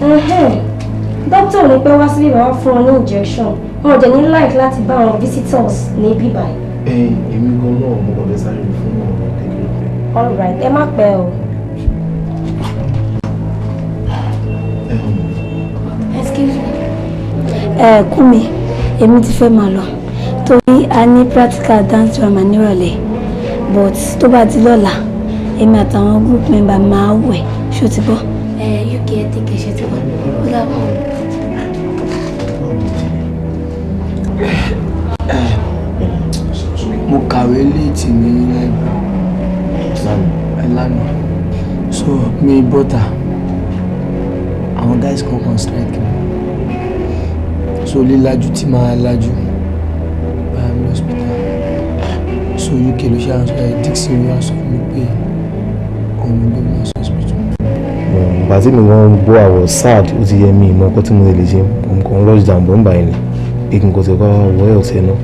dókítà ní pẹ́ wá sí bíbá wọn fún ọ ní injection wọn ò dẹ̀ ní like láti bá àwọn visitors ní bíbá. ẹ èmi gan náà mo kàn lè sáré fún ọ̀rọ̀ kékeré. all right ẹ má pẹ́ o. excuse me. ẹ kú mi èmi ti fẹ́ máa lọ a ní practical dance drama nírọ̀lẹ́ but tó bá di lọ́la èmi àtàwọn group member máa wẹ̀ ṣó ti bọ́. ẹ uk ẹ ti kẹsẹ ti bọ ó dàbọ̀. mo kàwé léètì ní lánàá so mi bọ́tà àwọn guys kan kan strike mi so lílajú tí máa lajú. so uk ló ṣe àṣọ ẹ eh, dixie ló ṣe fún mi pé òun ló mọ hospital. Hmm, ìgbà tí mi wọ́n bó àwọ̀ sad ó ti yẹ mi ìmọ̀ ọkọ tí mo lè ṣe òun kàn ń rush down bó ń bà yín ni igun kò ti kọ́ wọ́ ẹ̀ ọ̀sẹ̀ náà.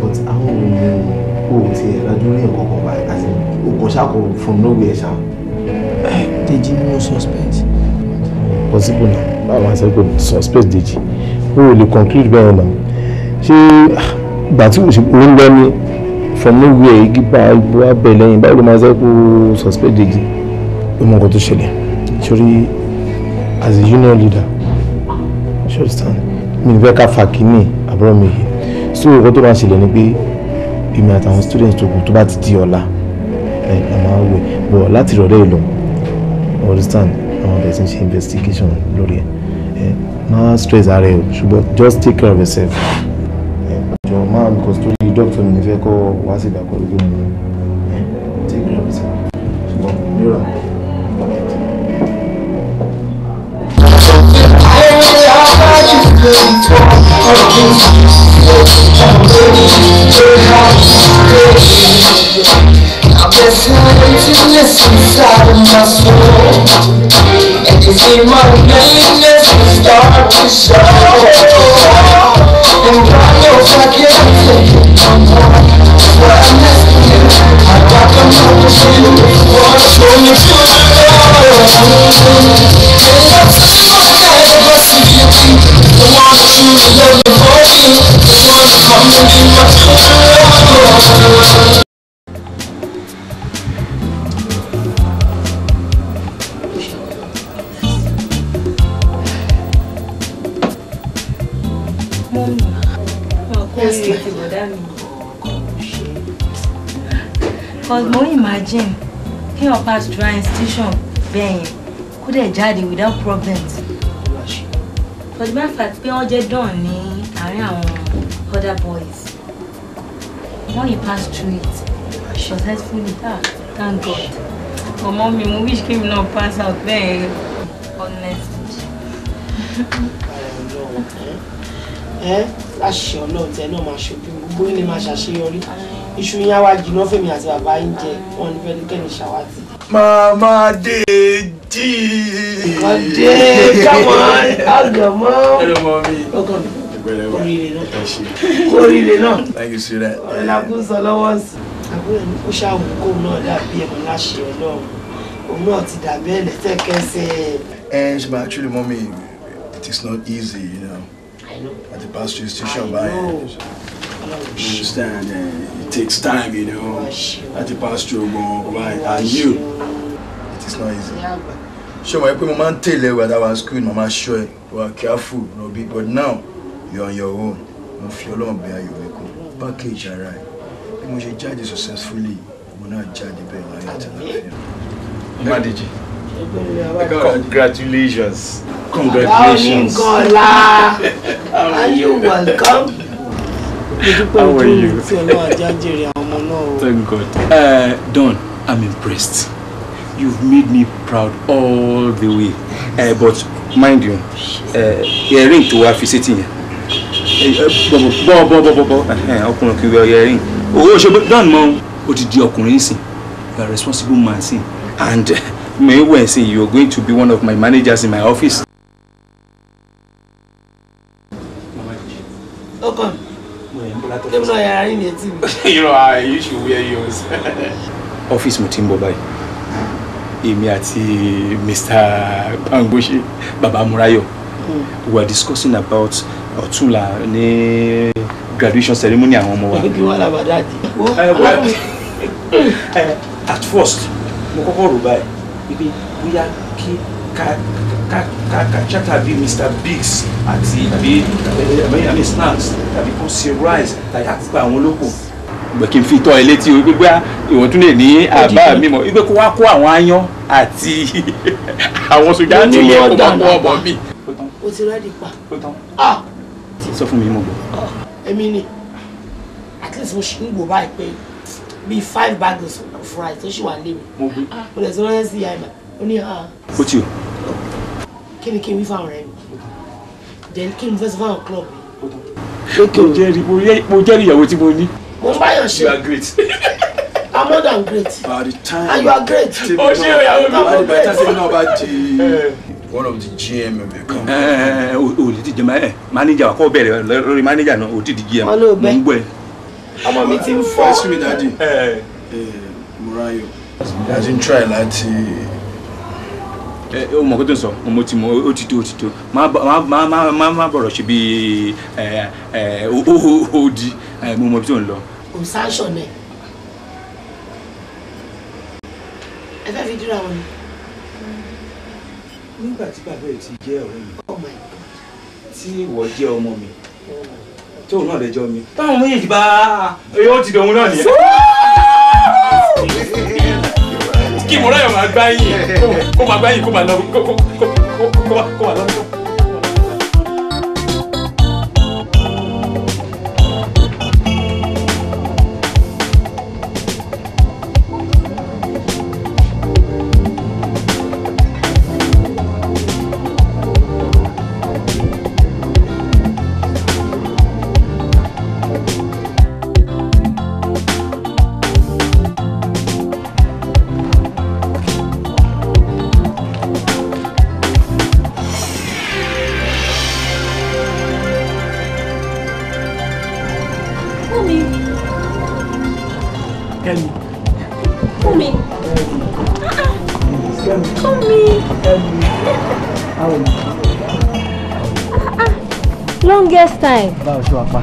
but àwọn ohun mi ò ti ẹ̀ rájú ní ẹ̀kọ́ kan báyìí àti from nowhere ṣá. Deji ni mo suspect. possible na báwo máa sọ pé suspect Deji o ò lè conclude bẹ́ẹ̀ náà ṣé ah, ìgbà tí òṣèlú ń gbẹ́ from nowhere igi bá ibo abẹ lẹ́yìn báwo ló máa ṣe kó suspect igi ló mọ nǹkan tó ṣẹlẹ̀ sórí as a union leader ṣe o stand mi ní fẹ́ ká fà kínní àbúrò mi yìí so nǹkan tó máa ṣẹlẹ̀ ni pé èmi àtàwọn students tó kù tó bá ti di ọ̀la ẹ̀ ẹ̀ máa wẹ̀ bọ̀ láti rọ̀lẹ́ ìlú understand àwọn bẹ̀rẹ̀ sí ṣe investigation lórí ẹ̀ máa stress ara ẹ̀ o ṣùgbọ́n just take care of yourself job tó mi ní fẹ́ kọ́ wá sí ìgbà pẹ̀lú kí take care of it ṣùgbọ́n nira. I I'm just emptiness inside my soul And you see my nameness start to show And God knows I can't take it i got the number for you going to do And I'm so glad I see you I want you to love me Because mo imagine kí ọ̀pá dry station, Ben, could dẹ̀ jáde without problems for the matter fact pé wọ́n jẹ́ dán ní àárín àwọn other boys wọ́n yìí pass through it successfully ah thank god ọmọ mi mo wish kí mi náà pass out bẹ́ẹ̀ honestly. ẹ eh, láṣìṣe ọlọ́run tẹ náà máa ṣojú gbogbo ilé máa ṣàṣeyọrí iṣu yín á wá jìnnà fèmí àti bàbá yín jẹ wọn ní fẹ́ẹ́ kẹ́ni ṣàwátì. màmá dèjì tea. My dear, come on, how's your mom? Hello, mommy. Welcome. Oríire náà. Thank you, sweetheart. Ọ̀rẹ́lá kún sọ lọ́wọ́ sí. Àbúrò ní kó ṣàwọn kóun náà dàbí ẹ̀mọ́ láṣẹ Ọlọ́run. Òun náà ti dàbí ẹlẹ́sẹ̀ kẹsẹ̀. Ẹ ṣe máa truly mommy, it is not easy, you know. I know. At the past few station, by You understand? Eh? it takes time, you know. At the past few an right? And you it's not easy ṣé mo yẹ pé mo máa ń tẹ̀lé wẹ̀ that was school mama ṣọ́ ẹ you. are careful Robbie but now you are on your own mo fi ọlọ́run bẹ ayọ̀ rẹ kó package ara ẹ bí mo ṣe jáde successfully you. náà jáde bẹ́ẹ̀ láyé àti àlàáfíà. Mádèjì congratulations congratulations. How are you welcome? How are you? Thank God. Uh, Don, I'm impressed you've made me proud all the way uh, but mind you eh, earring tó wá fi sétí yẹn eh, bọ́ọ̀bọ́ọ̀bọ́ọ̀bọ́ ọkùnrin kì í wọ earring owó ṣe dán mọ́ ó ti di ọkùnrin sìn you are responsible man sìn and may well say you are going to be one of my managers in my office. ọkàn you know I usually wear yours. office mo ti èmi àti Mr. Bangoshe Baba Murayo mm. we were discussing about ọ̀túnla ní graduation ceremony àwọn ọmọ wa. Eh, eh, at first mo kọ́kọ́ rò báyìí wípé bóyá kí ká ká ká chata bí Mr. Biggs àti àbí àmì eh, snacks tàbí kó ṣe rice tàbí àtìpá àwọn olókùn kì í fi tọ́ ẹ létí o gbígbá ìwọ̀n tún lè ní àbá mímọ́ ìgbé kó wá kó àwọn aáyán àti àwọn sójà tó yẹ kó bá kó ọbọ mi. o ti rẹ́ẹ̀dì pa. Ah! sọ fún mi mo gbọ́. Ah! èmi ni at least mo ṣì ń gbò báyìí pé bíi five bags of rice tó ṣì wà lé mi mo lè ah! sọ rẹ́ sí àìmọ̀ ó ní ha. ó ti o. kí ni kí n wí fáwọn ọ̀rẹ́ mi then kí n fẹ́ sọ fáwọn club mi. mo jẹ́rìí ìyàwó tí mo ní mo ń báyàn you are great. I'm more than great. and you are great. o ṣe o yàwó mi mo great. by the time sẹ́yìn náà di one of the GM of the company. ẹ ẹ o lè ti jẹ ẹ manager wa kọ́ bẹ̀rẹ̀ lórí manager náà o ti di GM mo ń gbọ́ ẹ. ọmọ mi ti ń fọ́. excuse me daddy murayo daddy ń try láti o mọ̀ kó tó ń sọ mo ti mọ ó ti tó ó ti tó má bọ̀rọ̀ ṣe bí ó di mo mọ bí tó ń lọ kò sanction ẹ̀ ẹ fẹ́ fi dúra wọn ni. nígbà tí bàbá yìí ti jẹ́ ọ̀rẹ́ mi oh tí ìwọ jẹ́ ọmọ mi tóun náà lẹ́jọ́ mi táwọn méjì bá yóò ti dọ̀hún náà nìyẹn kí mo ráyọ̀ máa gbá yín kó máa gbá yín kó máa lọ kó máa lọ. fine. báwo ṣe wà pa.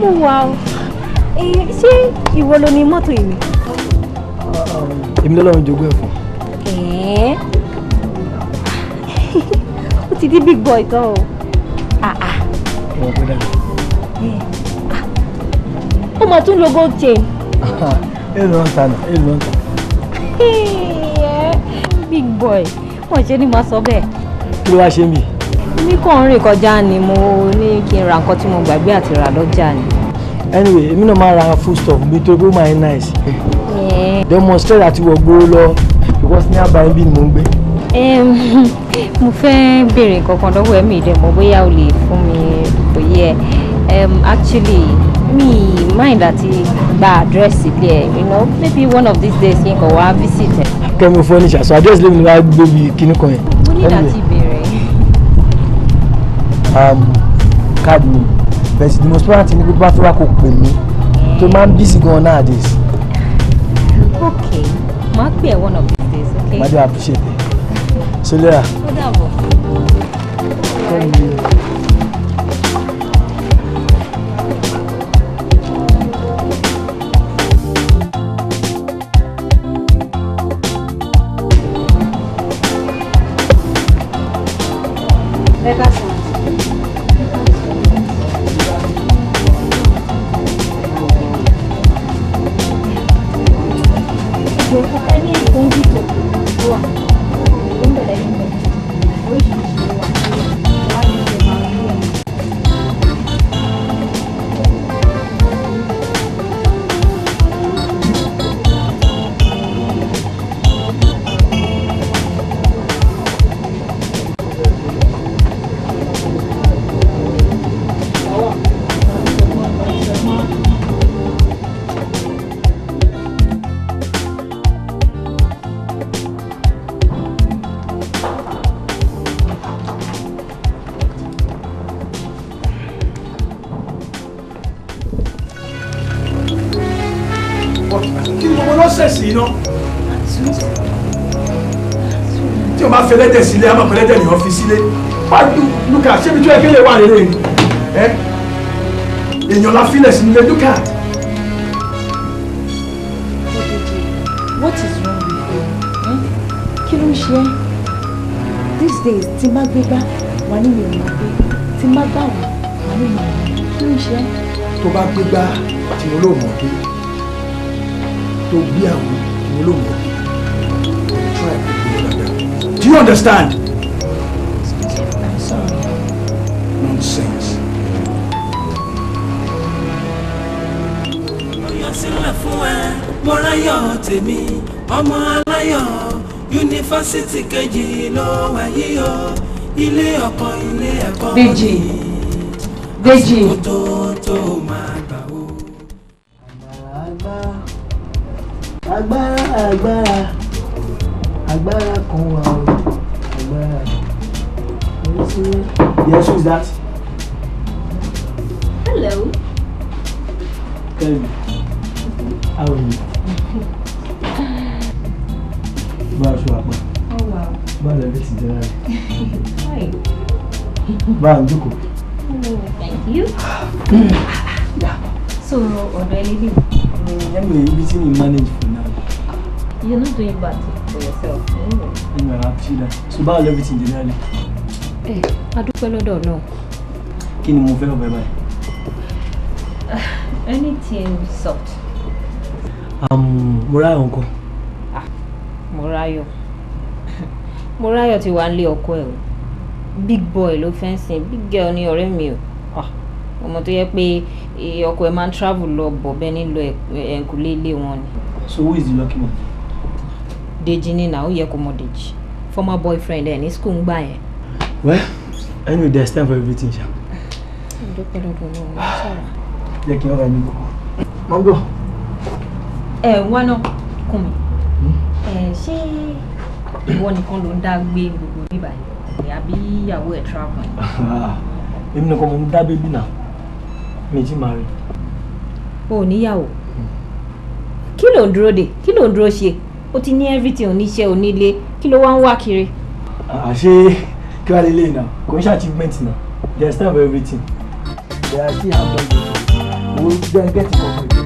mo wà o ṣé ìwọ ló ní mọ́tò yìí. èmi lọ́lọ́run jogún ẹ̀ fún. Eh? ó ti di big boy tán o. Ah, ah. Eh, ó mà tún lo gold chain. èlò ń ta nà èlò ń ta. Eh, big boy wọ́n ṣe ni màá sọ bẹ́ẹ̀. kí ló wá ṣe mí mi kàn ń rìn kọjá ni mo ní kí n ra nǹkan tí mo gbàgbé àti rà lọ́jà ni. anyway èmi náà máa ra food stuff bíi tó bó nice. demonstrate àti wọ gbówó lọ because ní àbáyé bí ni mo ń gbé. mo fẹ́ béèrè nǹkan kan lọ́wọ́ ẹ̀mí rẹ̀ mọ̀ bóyá o lè fún mi òye ẹ̀ actually mi mind àti gba address ilé ẹ̀ you know maybe one of these days kí n kàn wá visit ẹ̀. kẹ́mi fọ́nìṣà so address lèmi ni wàá gbé bí kinní kan yẹn. mo ní láti card mi but the most important thing ni pé bá tó wá kò pè mí busy gan nowadays. ok màá pè one of these days ok. màá appreciate it. ṣe lera. ó dàbọ̀. tẹ́lẹ́tẹ̀ sílé àmọ́ pẹ́lẹ́tẹ̀ ni wọ́n sílé pàdú lùkà ṣébi tó yẹ kéle wà lélẹ̀ ni ẹ èèyàn la filẹ̀ sí nílé lùkà. what is wrong with you kí ló ń ṣe ẹ́ these days tí má gbé bá wà nínú ìrìn àgbẹ̀ tí má bá wà wà nínú ìrìn àgbẹ̀ kí ló ń ṣe ẹ́. tó bá gbé bá tí mo lò mọ̀ pé tó gbé àwọn tí mo lò mọ̀ pé. Do you understand? Nonsense. mo ráyọ̀ tèmi ọmọ aláyọ̀ yunifásitì kejì ló wà yíyọ ilé ọkọ ilé ẹ̀kọ́ méjì méjì tó tó máa gbà ó. agbára agbára Mm. Yes, who's that? Hello. Tell me. How are you? Báwo ṣe wà pa? Báwo lè ti jẹ́ rárá? Báwo ń jókòó? Thank you. Yeah. so, ọ̀dọ̀ ẹni bí? Mm, anyway, everything you manage for now. You're not doing bad for yourself. Anyway, I have to see that. So, báwo lè ti ẹ eh, a dúpẹ́ lọ́dọ̀ náà. kí ni mo fẹ́ ọbẹ̀ báyìí. Ah, anything soft. Um, ráyọ̀ nǹkan. mo ráyọ̀ ah, mo ráyọ̀ ti wà ń lé ọkọ ẹ̀ o big boy lo fẹ́ ń big girl ni ọ̀rẹ́ mi o ah, ọmọ tó yẹ pé ọkọ ẹ̀ máa ń travel lọ bọ̀ lo nílò ẹ̀ǹkùlé ilé wọn ni. so who is the lucky one. Deji ni na ó yẹ kó mọ Deji former boyfriend ẹ̀ ní school ń gbà well anyway there's time for everything ṣá. ìdókòlódò ló ń sọ̀rọ̀. jẹ́ kí n ọ̀rọ̀ mi one mọ́ngò. ẹ wá náà kún mi hmm? ṣé ìwọ nìkan baby ń dá gbé gbogbo bíbá yìí àbí ìyàwó ẹ̀ travel. èmi nìkan mo ń dá bébí náà méjì máa rí. o ò níyàwó hmm. kí ló ń dúró dè kí ló everything oníṣẹ́ onílé kí ló wá ń wá kiri. àṣé. Ah, Carry wàá lélẹ́yìn náà achievement náà They is for everything They are still handbag issues owó jẹ́ get it for free.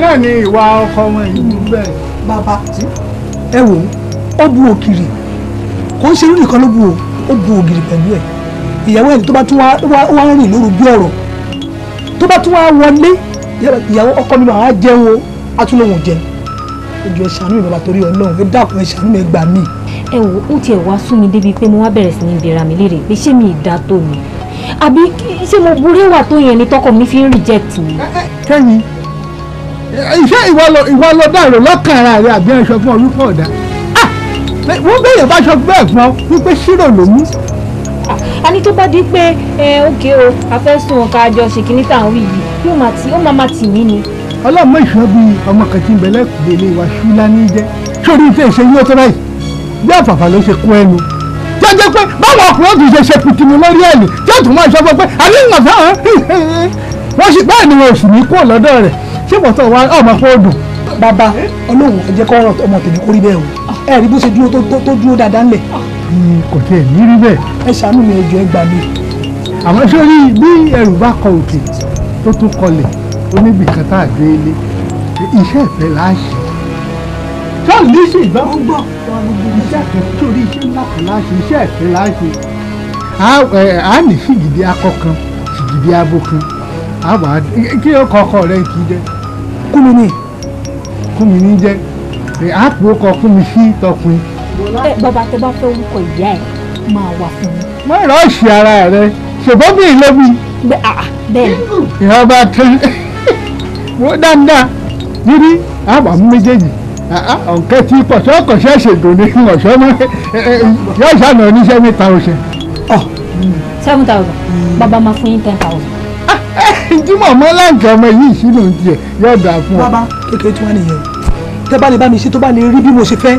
náà ni ìwà ọkọ wọn yìí bàbá ẹ wò ó bu òkìrì kò ń ṣe irú nìkan bu o ó bu e pẹ̀lú ẹ̀ ìyàwó ẹni tó bá tún wá rìn lóru bí ọ̀rọ̀ tó bá tún wá wọlé ìyàwó ọkọ mi máa jẹun o á tún lóun jẹun ojú ẹ ṣàánú mi bàbá torí Ọlọ́run ẹ dákun ẹ ṣàánú mi ẹ gbà mí. ẹ wo ó tiẹ̀ wá sún mi débi pé mo wá bẹ̀rẹ̀ sí ní ìbéèrè mi léèrè pé ṣé mi ìdá tó mi àbí ṣé mo burú ìwà tó yẹn ni tọkọ mi fi ń rìjẹ́tì mi iṣẹ́ ìwọ lọ ìwọ lọ dàrú lọ́kàn ara rẹ àbí ẹ̀ṣọ́ fún ọdún pọ̀ dá wọ́n bẹ̀rẹ̀ bá aṣọ bẹ́ẹ̀ fún ọ wípé ṣírò ló mú. a ní tó bá di pé ókè o àfẹ́sùn ọ̀ka àjọ ṣèkínní táwọn wí yìí yóò máa tì ó máa máa tì mí ni. ọlọ́mọ ìṣọ́ bí ọmọ kan ti ń bẹ̀lẹ́ gbèlè wa ṣúlá ní jẹ́ sórí ife ìṣe yóò tó báyìí bí àfàfà ló ṣe kú ẹnu. jẹ́jẹ́ pé báwo ọkùnrin ọ̀tún ṣe ṣe kùtìmù lórí ẹ̀lì tí ó tún máa ṣọ́ fún pé àbí ń ṣé wọ́tọ̀ wa ọmọ fóòdù Baba ọlọ́run ẹ jẹ́ kọ́ ọ̀rọ̀ ọmọ tèmi kórìí bẹ́ẹ̀ o ẹ rí bó ṣe dúró tó dúró dáadáa ńlẹ̀. Hmm, kò tiẹ̀ ní rí bẹ́ẹ̀. ẹ ṣàánú mi ẹjọ́ ẹ gbà mí. àmọ́ sórí bí ẹrù bá kọ òkè tó tún kọlẹ̀ oníbì kan tá a gbé ilé iṣẹ́ ìfẹ́ là á ṣe. sọ́ọ̀lì sì bá ń gbọ́ iṣẹ́ ìfẹ́ sórí iṣẹ́ ńlá kan là á ṣe iṣẹ́ ìfẹ́ là a ní sìgìdì akọ kan sìgìdì abo kan kí kún mi ni. kún mi ní jẹ́ àpò ọkọ̀ fún mi sí tọkùnrin. bàbá tó bá fẹ́ orúkọ ìyá ẹ̀ máa wà fún mi. má rọ́ọ̀ṣì ara rẹ ṣùgbọ́n bí ìlóbi. bẹ́ẹ̀ ni. ìyọba tán wọ́n dáadáa rírí àwọn àmú méjèèjì ọ̀kẹ́ tí kọ̀ṣọ́ kọ̀ṣọ́ ṣègùn ní ọ̀ṣọ́ mọ́ yóò ṣàná oníṣẹ́ mi ta oṣù. seven thousand bàbá máa fún yín ten thousand tí mọ̀mọ́ láǹkà ọmọ yìí ìṣúná ń tiẹ̀ yóò dà fún ọ. bàbá kékeré tí wọ́n nìyẹn tẹ bá lè bá mi ṣe tó bá lè rí bí mo ṣe fẹ́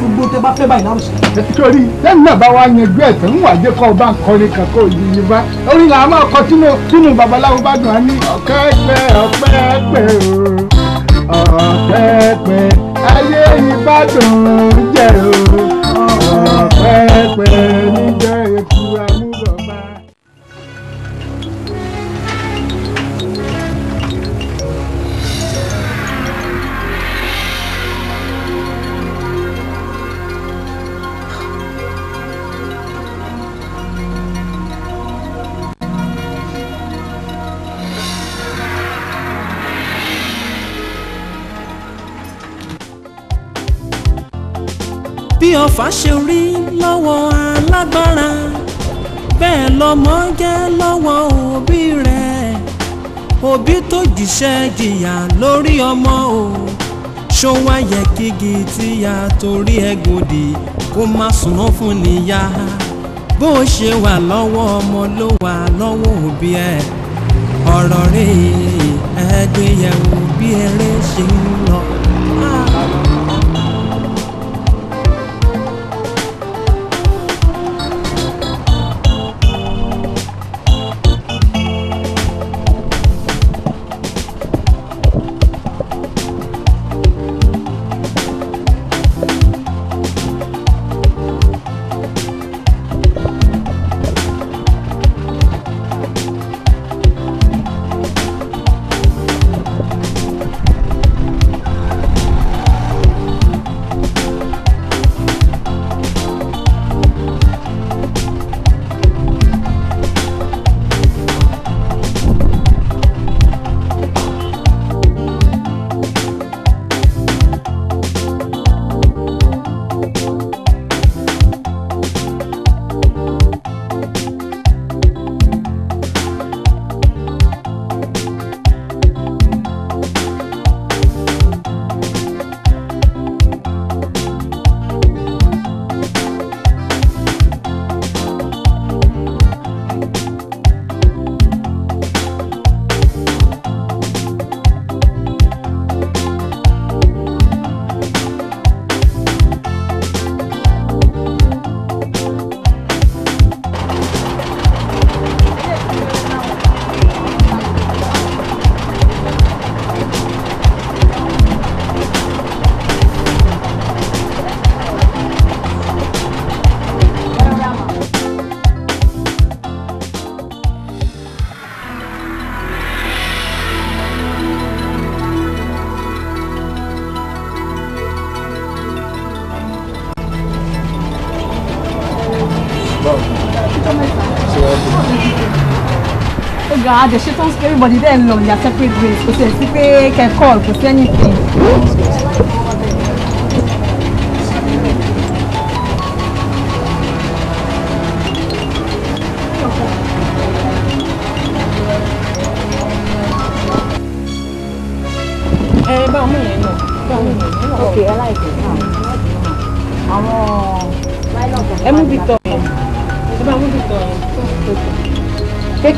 gbogbo tẹ bá fẹ́ báyìí láwùjọ. torí lẹ́yìn náà bá wa yanjú ẹ̀ tán wà jẹ́ kọ́ ọ bá ń kọrin kan kó yìnyín bá orí là á máa kọ sínú sínú babaláwo bá dùn á ní. ọ̀kẹ́ pẹ́ ọ̀pẹ́ pẹ́ o ọ̀pẹ́ pẹ́ ayé Ìbàdàn jẹ́ o ọ̀pẹ́ pẹ́ níjẹ́ èkó. ọ̀fà ṣe rí lọ́wọ́ alágbára bẹ́ẹ̀ lọ́mọ jẹ́ lọ́wọ́ òbí rẹ̀ òbí tó jìṣẹ́ jìyà lórí ọmọ o ṣó wá yẹ kígi tíya torí ẹgbòdì kó má súná fún níyà bó ṣe wà lọ́wọ́ ọmọ ló wà lọ́wọ́ òbí ẹ̀ ọ̀rọ̀ rèé ẹgbẹ́yẹ̀wò bí eré ṣe ń lọ. gan the sí pé everybody dẹ̀ ń lọ their separate ways kò sí ẹ̀ sí pé kẹ́kọ̀ọ́ anything.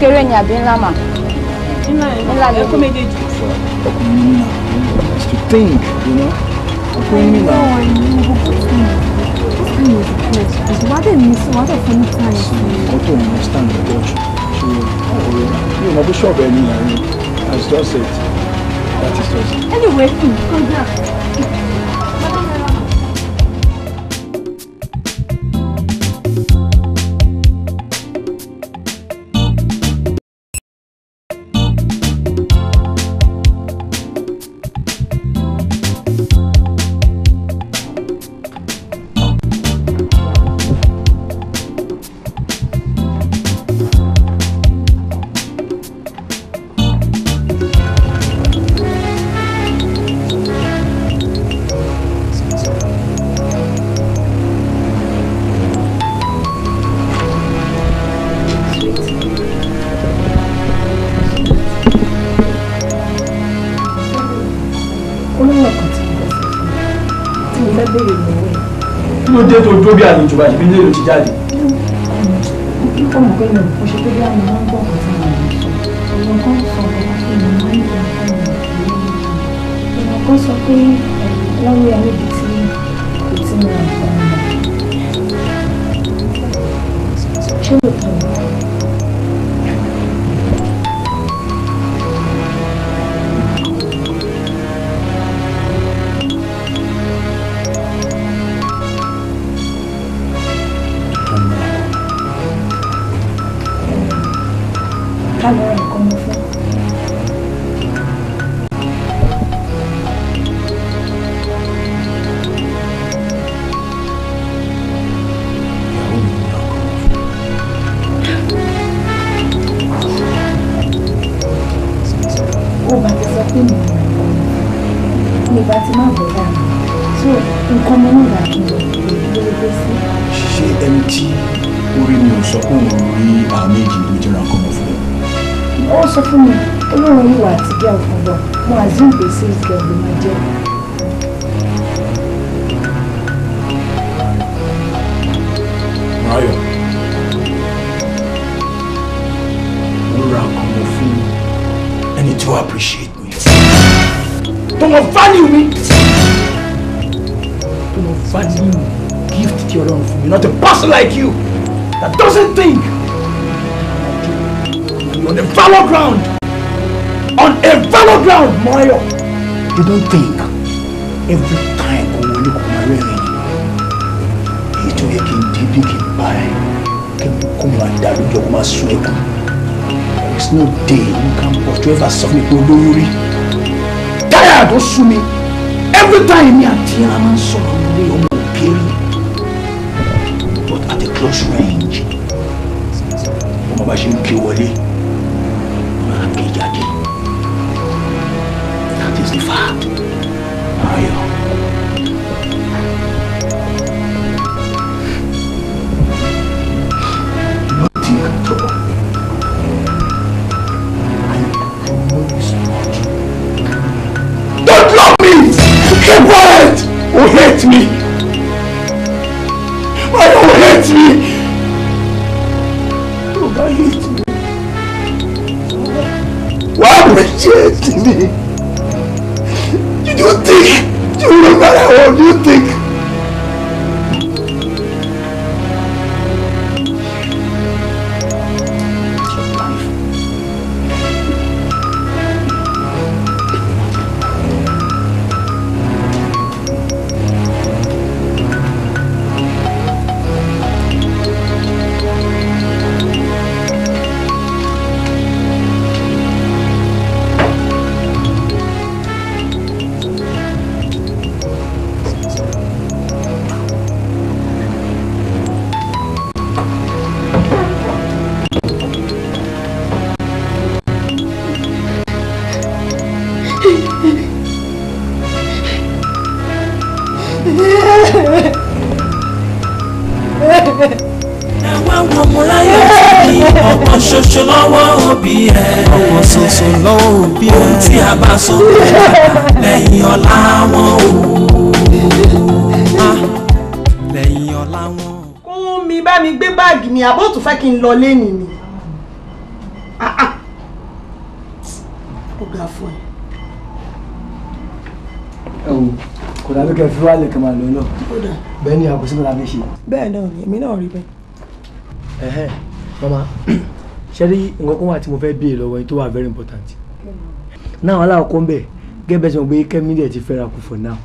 kékeré ni àbí ńlá mà. ńlá lè kó méjèèjì. ọkùnrin mi náà to think you know ọkùnrin mi náà. wàá dé mi sí wàá it that just it. anyway come n tó bí àlejò bá ṣe bí lérò ti jáde. wọ́n sọ pé eh, wọ́n rí ẹni bí tí kò tí mo rà fún ọmọ ṣé lóòótọ́ ni. sweet girl ló máa jẹ́. Máyọ̀, mo ra àwọn fún ẹni tó appreciate me. Tó mọ value mi. Tó mọ value gift tí Ọlọ́run fún mi, not a person like you that doesn't think. on a fallow ground. On a fallow ground, Mario. You don't think every time òun ni kò máa rẹ́rìn ni èyí tó yẹ kí n dé bí kí n bá ẹ kí n kó máa dà lójú ọkọ there is no day you can whatever sọ fún mi pé olóyún rí táyà don't sú me. every time mi àti ẹ máa ń sọ̀rọ̀ nílé ọmọ òkèèrè but at a close range ọmọ bá ṣe ń ké wọlé máa ké jáde. diesen Pfad. Mario. Don't love me! Keep quiet! You hate me! Mario hates me! Toba hates me. Why you hate me? you think, no matter what you think, kí n lọ léènì ni ah, ah. ó ga fún ẹ. ẹ wò kò dàbí kẹ́ fi wálé kan máa lọ lọ bẹ́ẹ̀ ni àkóso náà lábẹ́ ṣe. bẹ́ẹ̀ náà ni èmi náà rí bẹ́ẹ̀. ẹ̀hẹ́ mama ṣe rí nǹkan kan wà tí mo fẹ́ béèrè lọ́wọ́ yín tó wà very important. náà aláwọ̀kọ́ ń bẹ̀ gẹ́gẹ́ bẹ́ẹ̀ sọ pé kẹ́mi dẹ̀ ti fẹ́ra kù for now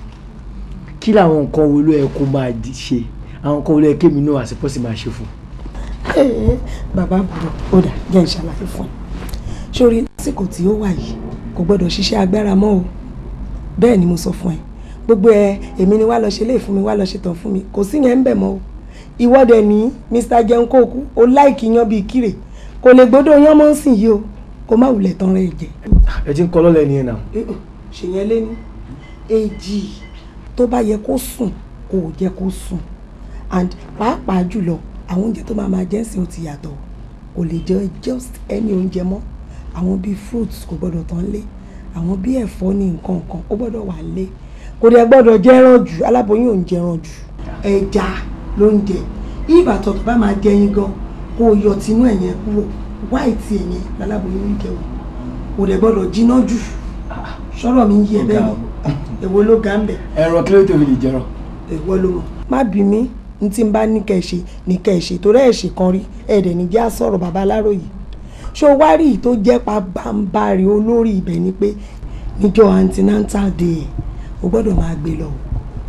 kí làwọn nǹkan wo ló yẹ kó máa ṣe àwọn nǹkan wo ló yẹ kémi náà àsìkò sì máa ṣe fún bàbá àbúrò ó dà jẹ́ ń ṣàlàyé fún un sórí lásìkò tí ó wà yìí kò gbọ́dọ̀ ṣiṣẹ́ agbára mọ́ o bẹ́ẹ̀ ni mo sọ fún ẹ gbogbo ẹ èmi ni wá lọ ṣe lè fún mi wá lọ ṣe tán fún mi kò sí yẹn ń bẹ̀ mọ́ o ìwọ́dẹ ní mr jẹun kó o láìkì yan bíi kíre kò lè gbọ́dọ̀ yan mọ́ sí yìí o kò má wulẹ̀ tán rẹ jẹ. ẹ ti ń kọ lọ́lẹ̀ nìyẹn náà. ṣèyẹn lé ní èjì tó bá yẹ kó sùn kò jẹ́ kó sùn and pàápàá jùlọ àwọn oúnjẹ tó máa máa jẹ́ sìn ó ti yàtọ̀ kò lè jẹ́ just any oúnjẹ mọ́ àwọn bíi fruits kò gbọ́dọ̀ tán lé àwọn bíi ẹ̀fọ́ ní nǹkan kan ó gbọ́dọ̀ wà lé kò dẹ̀ gbọ́dọ̀ jẹ́ràn jù aláboyún ò ń jẹ́ràn jù ẹja ló ń jẹ ìbàtọ̀ tó bá máa jẹ yín gan kó o yọ tinú ẹ̀yẹn kúrò wáìtì ẹ̀yẹn láláboyún ń jẹun kò dẹ̀ gbọ́dọ̀ jiná jù sọ̀rọ̀ mi ń bẹ́ẹ̀ ni èwo ló ga ń bẹ̀. ẹ̀rọ kí ló tóbi lè jẹ́rọ. èwo ló mọ̀ má bí mi ní tí n bá ní kẹ́ ẹ ṣe ní kẹ́ ẹ ṣe torí kan rí ẹ̀ ní jẹ́ àsọ̀rọ̀ bàbá ṣó wá i tó jẹ́ pabambarì olórí ibẹ̀ ni pé níjọ́ antenatal day o gbọ́dọ̀ máa gbé lọ o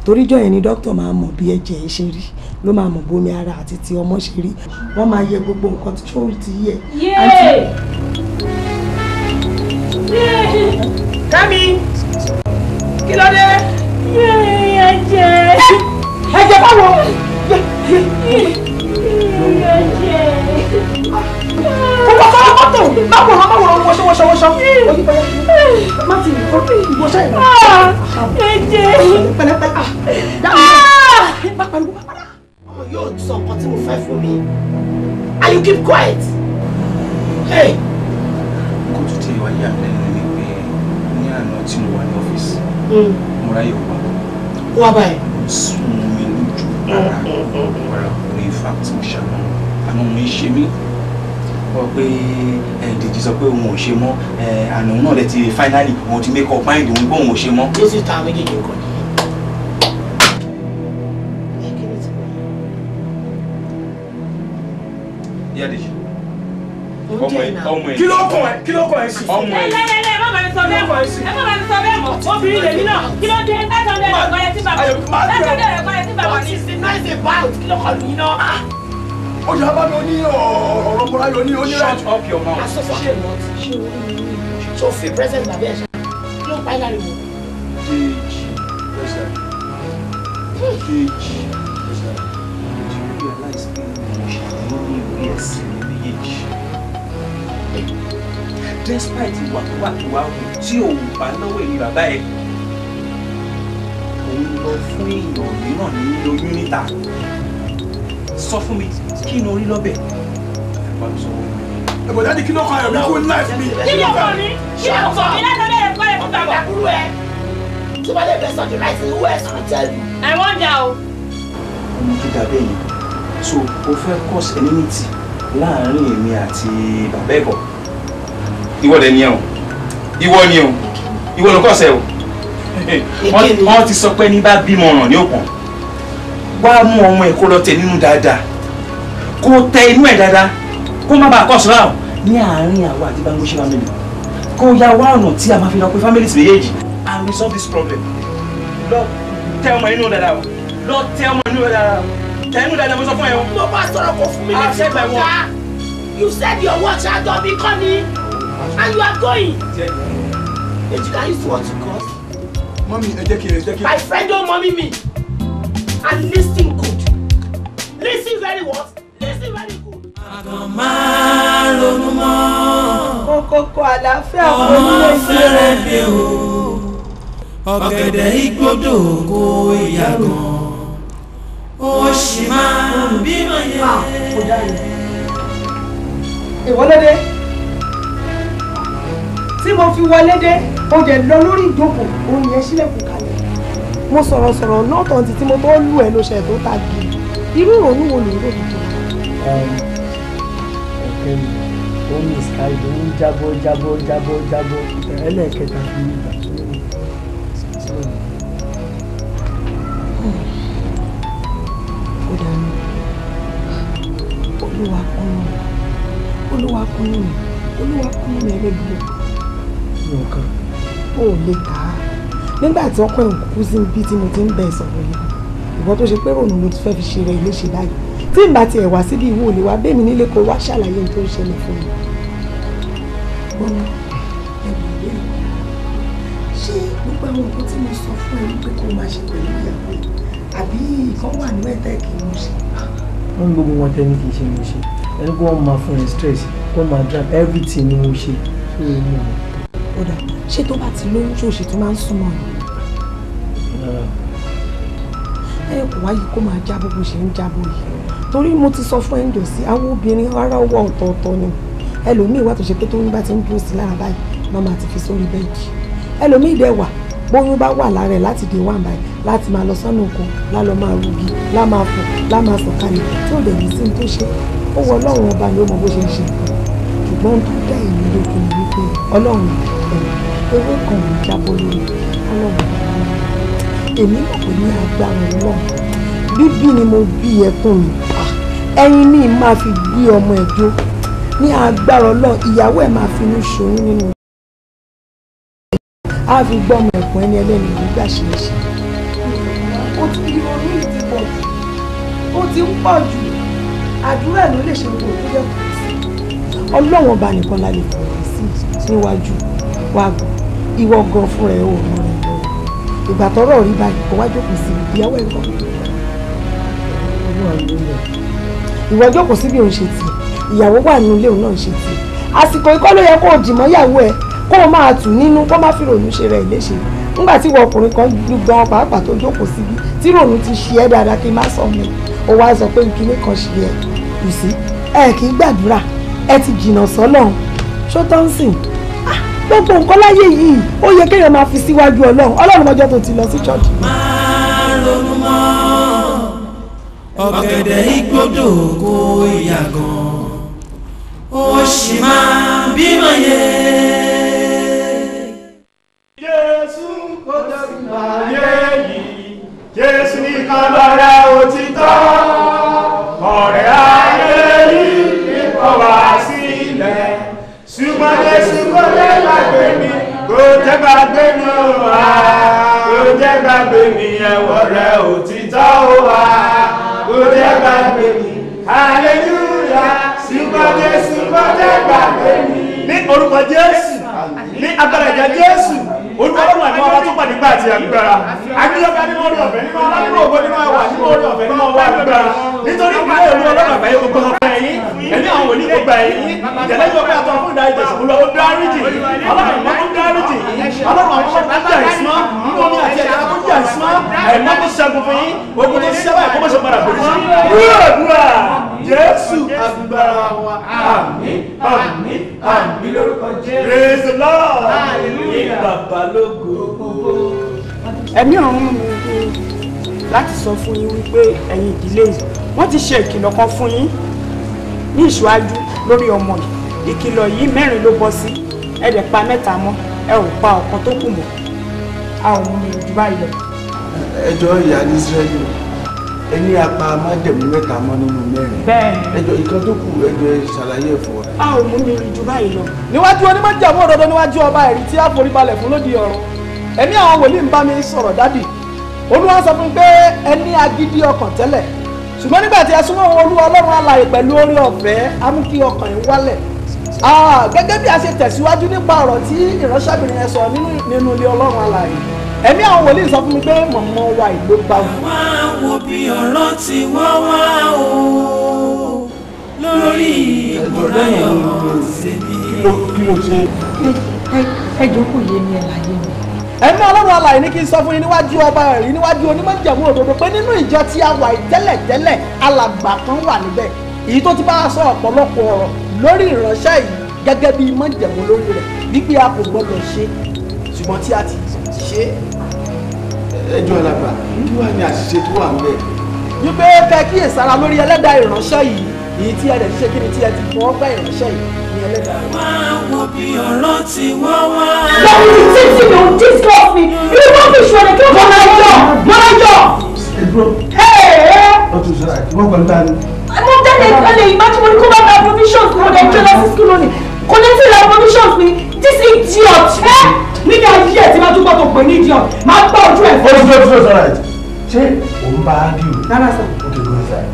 toríjọ́ yẹn ni dókítà máa mọ̀ bí ẹ̀jẹ̀ ẹ ṣe rí ló máa mọ̀ bómi ara àti ti ọmọ ṣe rí wọ́n máa yẹ gbogbo nǹkan tí ṣó ti yẹ. Kẹ́mi kí ló dé. ẹ̀jẹ̀ báwo. Kókó fọwọ́ mọ́tò má wò hàn má wò wọ́ṣọ wọ́ṣọ wọ́ṣọ. Má ti wò wò ṣe ìwà. Ẹ̀jẹ̀. Pẹ̀lẹ́pẹ̀lẹ́. Má pariwo má padà. Ọmọ yóò sọ And you keep quiet. Kó tún ti wáyé àbẹ̀lẹ̀ ni pé ní àná tí mo wà ní ọ́fíìsì, hmm. mo ráyè wá ara ọ̀rọ̀ àwọn ifá tí mo ṣàmọ́ àwọn ọmọ ìṣe mi wọ́n pé ẹ eh, dèjì sọ pé òun ò ṣe mọ́ eh, àná náà lẹ ti finally òun ti make up mind òun pé òun ò ṣe mọ́. ló sì ta méjèèjì nǹkan ọmọ ẹ ọmọ ẹ. kí ló kàn ẹ kí ló kàn ẹ sí. ọmọ ẹ. ẹ ẹ ẹ má bàa mi sọ bẹ́ẹ̀ mọ́ ẹ má bàa mi sọ bẹ́ẹ̀ mọ́ obìnrin lèmi náà kí ló dé látọ̀ dé ẹ̀rọ ẹ tí bàbá látọ̀ dé ẹ̀rọ ẹ tí bàbá ní sí náà ṣe bá kí shut up your mouth. aṣọ fàṣẹ present tàbí ẹ̀ṣẹ̀ kí ló pa ẹ̀ láriwo. déèjì present present déèjì realize pé mo ṣàlùmọ́ despite ìwà tó wà tó wà wù tí òun bá náwó èmi bàbá ẹ òun lọ fún èèyàn mìíràn ní oyún níta sọ fún mi kí ni orí lọ́bẹ̀ ẹ̀bọ̀dá ni kí ló kan ẹ̀mí kún láìpì mi. kí ló kọ mi kí ló kọ mi lẹ́nu bẹ́ẹ̀ kọ́ ẹ̀kọ́ bàbá kúrú ẹ̀. tí wọ́n lè bẹ sọ jù láìsí ẹ̀ sọ̀rọ̀ tẹ́lu. I wonder o. ọmọ gíga bẹ́ẹ̀ yẹn so o fẹ́ cause enmity láàárín èmi àti bàbá ẹ̀kọ́ ìwọ dẹ̀ ni ẹ̀ o ìwọ ni o ìwọ ló kọ̀ọ̀sẹ̀ o wọ́n ti sọ pé ní bá bímọ ọ̀ràn ní òpọ̀n wá mú ọmọ ẹ̀ kó lọ tẹ̀ nínú dáadáa kó tẹ inú ẹ̀ dáadáa kó má bàa kọ̀ sọ́ra o ní àárín àwa àti bango family kó ya wá ọ̀nà tí a máa fi lọ pé families méjèèjì and resolve this problem lọ tẹ ọmọ inú dáadáa o lọ tẹ ọmọ inú dáadáa o dáadáa mo sọ fún ẹ o. mo bá sọ̀rọ̀ kó fún mi ní ti kọjá you said your words are done because ni and you are going. Ejika is what you call. Mommy, Ejeki, Ejeki. My friend don't mommy me. And listen good. Listen very well. Listen very good. Àgànmá ronú mọ́. Kókókó àlàáfíà kò ní lè fẹ́rẹ̀ mi o. Ọ̀gẹ̀dẹ̀ igbódò kó ìyá gan. Ó sì máa bímọ yẹn. Ah, Ìwọ́lódé tí mo fi wọlé dé mo dẹ̀ lọ lórí ìjókòó òun yẹn sílẹ̀kùn kalẹ̀ mo sọ̀rọ̀ sọ̀rọ̀ náà tán títí mo tó lù ẹ́ lóṣẹ̀ tó ta gidi irú ìrònú wo ló ń rò tuntun. ọ̀kẹ́ mi ó ní ìsìkáyọ̀ ń jábọ́ jábọ́ jábọ́ jábọ́ ẹlẹ́ẹ̀kẹta fi ń gbà tó ń ó dànù olúwa kúnú olúwa kúnú mi olúwa kúnú mi ẹgbẹ́ gbogbo nǹkan ó lè tà á nígbà tí ọkọ ẹ̀ ń kú sí ibi tí mo ti ń bẹ ìsọ̀rọ̀ yìí ìwọ tó ṣe pé rònú ló fẹ́ fi ṣe rẹ ilé ṣe báyìí tí n bá tiẹ̀ wá síbi ìwọ òní wá bẹ́ẹ̀ mi nílé kó wá ṣàlàyé ohun tó ń ṣẹlẹ̀ fún mi. bọ́lá ẹ̀rù ìwé ṣé gbogbo àwọn nǹkan tí mo sọ fún ẹ pé kó máa ṣe pẹ̀lú ìyàwó àbí ìkan wà ní ẹ̀tẹ́ kì í mú ṣe. wọ́n ń gbogbo wọn tẹ́ ní kì í ṣe mo ṣe ẹni kó máa fún ẹ stress kó máa drag everything ni mo ṣe hmm ọ̀dà ṣé tó bá ti lóyún ṣòṣì tó máa ń súnmọ́ ni. ẹ kò wáyé kó máa jábọ́ bó ṣe ń jábọ́ yìí torí mo ti sọ fún ẹ̀ńdọ̀ sí àwọn obìnrin ara wọ ọ̀tọ̀ọ̀tọ̀ ni ẹlòmíì wà tó ṣe pé tóyún bá ti ń dúró sí lára báyìí màmá ti fi sórí bẹ́ẹ̀dì ẹlòmíì dẹ̀ wà bóyún bá wà lára ẹ̀ láti dé wà báyìí láti máa lọ sọ́nà oko lálọ́ máa rugi lá máa fò lá máa fò kalẹ̀ tí ò lè ní sí ní tó ṣe ó wọ ọlọ́run ọba ni ó mọ bó ṣe ń ṣe ṣùgbọ́n tó dá ìlú òkè ọlọ́run ewé kan ò jábọ́ lórí ọlọ́run èmi mọ̀ pé ní agbára ọlọ́run bíbí ni mo bí ẹkún mi ẹyin mi máa fi gbé ọmọ ẹjọ́ ní agbára ọlọ́run ìyàwó ẹ̀ máa finú ṣòyún nínú a fi gbọ́ ọmọ ẹ̀kún ẹni ẹlẹ́ni nígbà ṣe é ṣe. ó ti di orí ìdí pọ̀ jù ó ti ń pọ̀ jù àdúrà ló lè ṣe gbogbo ìpínlẹ̀ ọlọ́run ọba nìkan la lè fọwọ́ síwájú wàá gbọ́ ìwọ gan fún ẹ òun rẹ ìgbà tọ́rọ̀ rí báyìí kó wá jókòó síbi ìyàwó ẹ kọ ìwọ jókòó síbi òun ṣe tiẹ̀ ìyàwó wà nínú ilé òun náà ṣe tiẹ̀ àsìkò ikọ́ ló yẹ kó o dìmọ́ ìyàwó ẹ kó o máa tù nínú kó má fi rònú ṣe rẹ̀ léṣe nígbà tí ìwọ ọkùnrin kan gbọ́n pàápàá tó jókòó síbi tí rònú ti ṣe ẹ́ dáadáa kí n má sọ mi ó wá sọ pé kíní kan ṣe ẹ kù sí ẹ kì í gbàdúrà ẹ ti jìnnà sọ́lọ́run ṣó tán sìn gbogbo nǹkan láyé yìí ó yẹ kéèyàn máa fi síwájú ọlọ́run ọlọ́run ọjọ́ tó ti lọ sí church. máa ọ̀gẹ̀dẹ̀ igbódò kó ìyàgàn ó sì máa bímọ yẹ. jésù kò tẹ̀síwájú ayé yìí jésù ní kábàárà òtítọ́. gbàgbé mi ẹ̀wọ̀ rẹ òtítọ́ wa kò jẹ́ gbàgbé mi hallelúyà sípọ́jẹ́ sípọ́jẹ́ gbàgbé mi. ní orúkọ jésù ní agbára ìjà jésù olùwàlúwà ni wọn bá tún pàdé gbà àti agbára agbélọ́gbà nínú orí ọ̀fẹ́ nínú aládùúgbò ògbó nínú ẹwà nínú orí ọ̀fẹ́ nínú ọwọ́ agbára nítorí ìpínlẹ̀ olú ọlọ́run àgbáyé gbogbo ọgbà ẹ̀yìn ẹ̀mí àwọn òní gbogbo ẹ̀yìn ìjẹ̀lẹ́ gbogbo àtọ̀ fún ìdá ìjẹ̀ sùkúlọ ó dáríjì ọlọ́run mọ́ fún dáríjì ọlọ́run àwọn ọmọ tó jà ìsúná nínú omi àti ẹ̀dá tó jà ìsúná ẹ̀mọ́ tó ṣẹ́gun fún yín ogun tó ṣẹ́wà ẹ̀kọ́ mọ́ṣọ́ padà bẹ̀rẹ̀ sí. Jésù agbára wa àmín àmín àmín lórúkọ Jésù. Praise the Lord. Hallelujah. Bàbá lógo. Ẹ̀mí ọ̀run láti sọ fún yín wípé ẹ̀yin ìdílé yìí wọ́n ti ṣe ìkìlọ̀ kan fún yín ní ìṣíwájú lórí ọmọ yìí ìkìlọ̀ yìí mẹ́rin ló bọ́ sí ẹ dẹ̀ pa mẹ́ta mọ́ ẹ ò pa ọ̀kan tó kù mọ́ a ò mú mi jù báyìí lọ. ẹjọ́ ìyá ní Ísírẹ́lì o ẹni apá májẹ̀mú mẹ́ta mọ́ nínú mẹ́rin. bẹ́ẹ̀ni. ẹjọ ìkan tó kù ẹjọ ṣàlàyé ẹ̀fọ́. a ò mú mi rìn jù báyìí lọ. níwájú onímọ̀jẹ̀mú òdodo níwájú ọba ẹ̀rí tí a forí balẹ̀ fún lóde ọ̀run ẹ̀mí àwọn wòlíì ń bá mi sọ̀rọ̀ dádì olúwa sọ fún mi pé ẹni agídí ọkàn tẹ́lẹ̀ ṣùgbọ́n nígbà tí a súnmọ́ olúwa ọlọ́run alààyè pẹ̀lú orí ọ̀fẹ́ á mú kí ọkàn yín wálẹ̀ gẹ́gẹ́ bí a ṣe tẹ̀síwájú nípa ọ̀rọ̀ tí ìránṣẹ́bìnrin yẹn sọ nínú ilé ọlọ́run alààyè ẹ̀mí àwọn wòlíì sọ fún mi pé mọ̀mọ́ wa ìlú gba wù. wá wo bí ọ̀rọ̀ ti wá wá o lórí ìgbọ̀rọ̀ yọ̀ síbi. ẹ jókòó yé mi ẹ láyé mi. ẹ̀mí ọlọ́run alàyè ní kí n sọ fún yín níwájú ọba ẹ̀rí níwájú onímọ̀jẹ̀mú òdodo pé nínú ìjọ tí a wà tẹ́lẹ̀tẹ́lẹ̀ alàgbà kan wà níbẹ̀ èyí tó ti bá sọ ọ̀pọ̀lọpọ̀ ọ̀rọ̀ lórí ìránṣẹ́ yìí gẹ́gẹ́ bí mọ̀jẹ̀mú lórí rẹ̀ wípé a kò gbọdọ̀ ṣe ṣùgbọ́n tí a ti ṣe ẹjọ́ alàgbà kí wàá ní àṣìṣe tó wà ńbẹ̀. wípé kẹ kí ìsara lórí ẹlẹ́dàá ìránṣẹ́ yìí èyí tí ẹ lè ṣe kí ni tí ẹ ti fọwọ́ gbá ìránṣẹ́ yìí ní ẹlẹ́dàá. máa wo bí ọ̀rọ̀ ti wá wá. lọ́wọ́ mi tí tí mi ò discuss mi irú wọn fi ṣọlẹ̀ kí wọ́n máa yọ máa yọ. ọtún sọ àti wọn pẹ̀lú ta ni. mo tẹ́lẹ̀ tẹ́lẹ̀ ìmájú mo ní kó bá ta provisions mo dẹ̀ jẹ́ sí school kò ní sí ra provisions mi this idiot nígbà ayé ẹ̀ tí máa túbọ̀ tó pè ní ìdí máa gbọ́ ojú ẹ̀ fún mi. ó ti sọ ṣe òun bá a dì o. rárá sọ. ó ti gbọ́n sáyé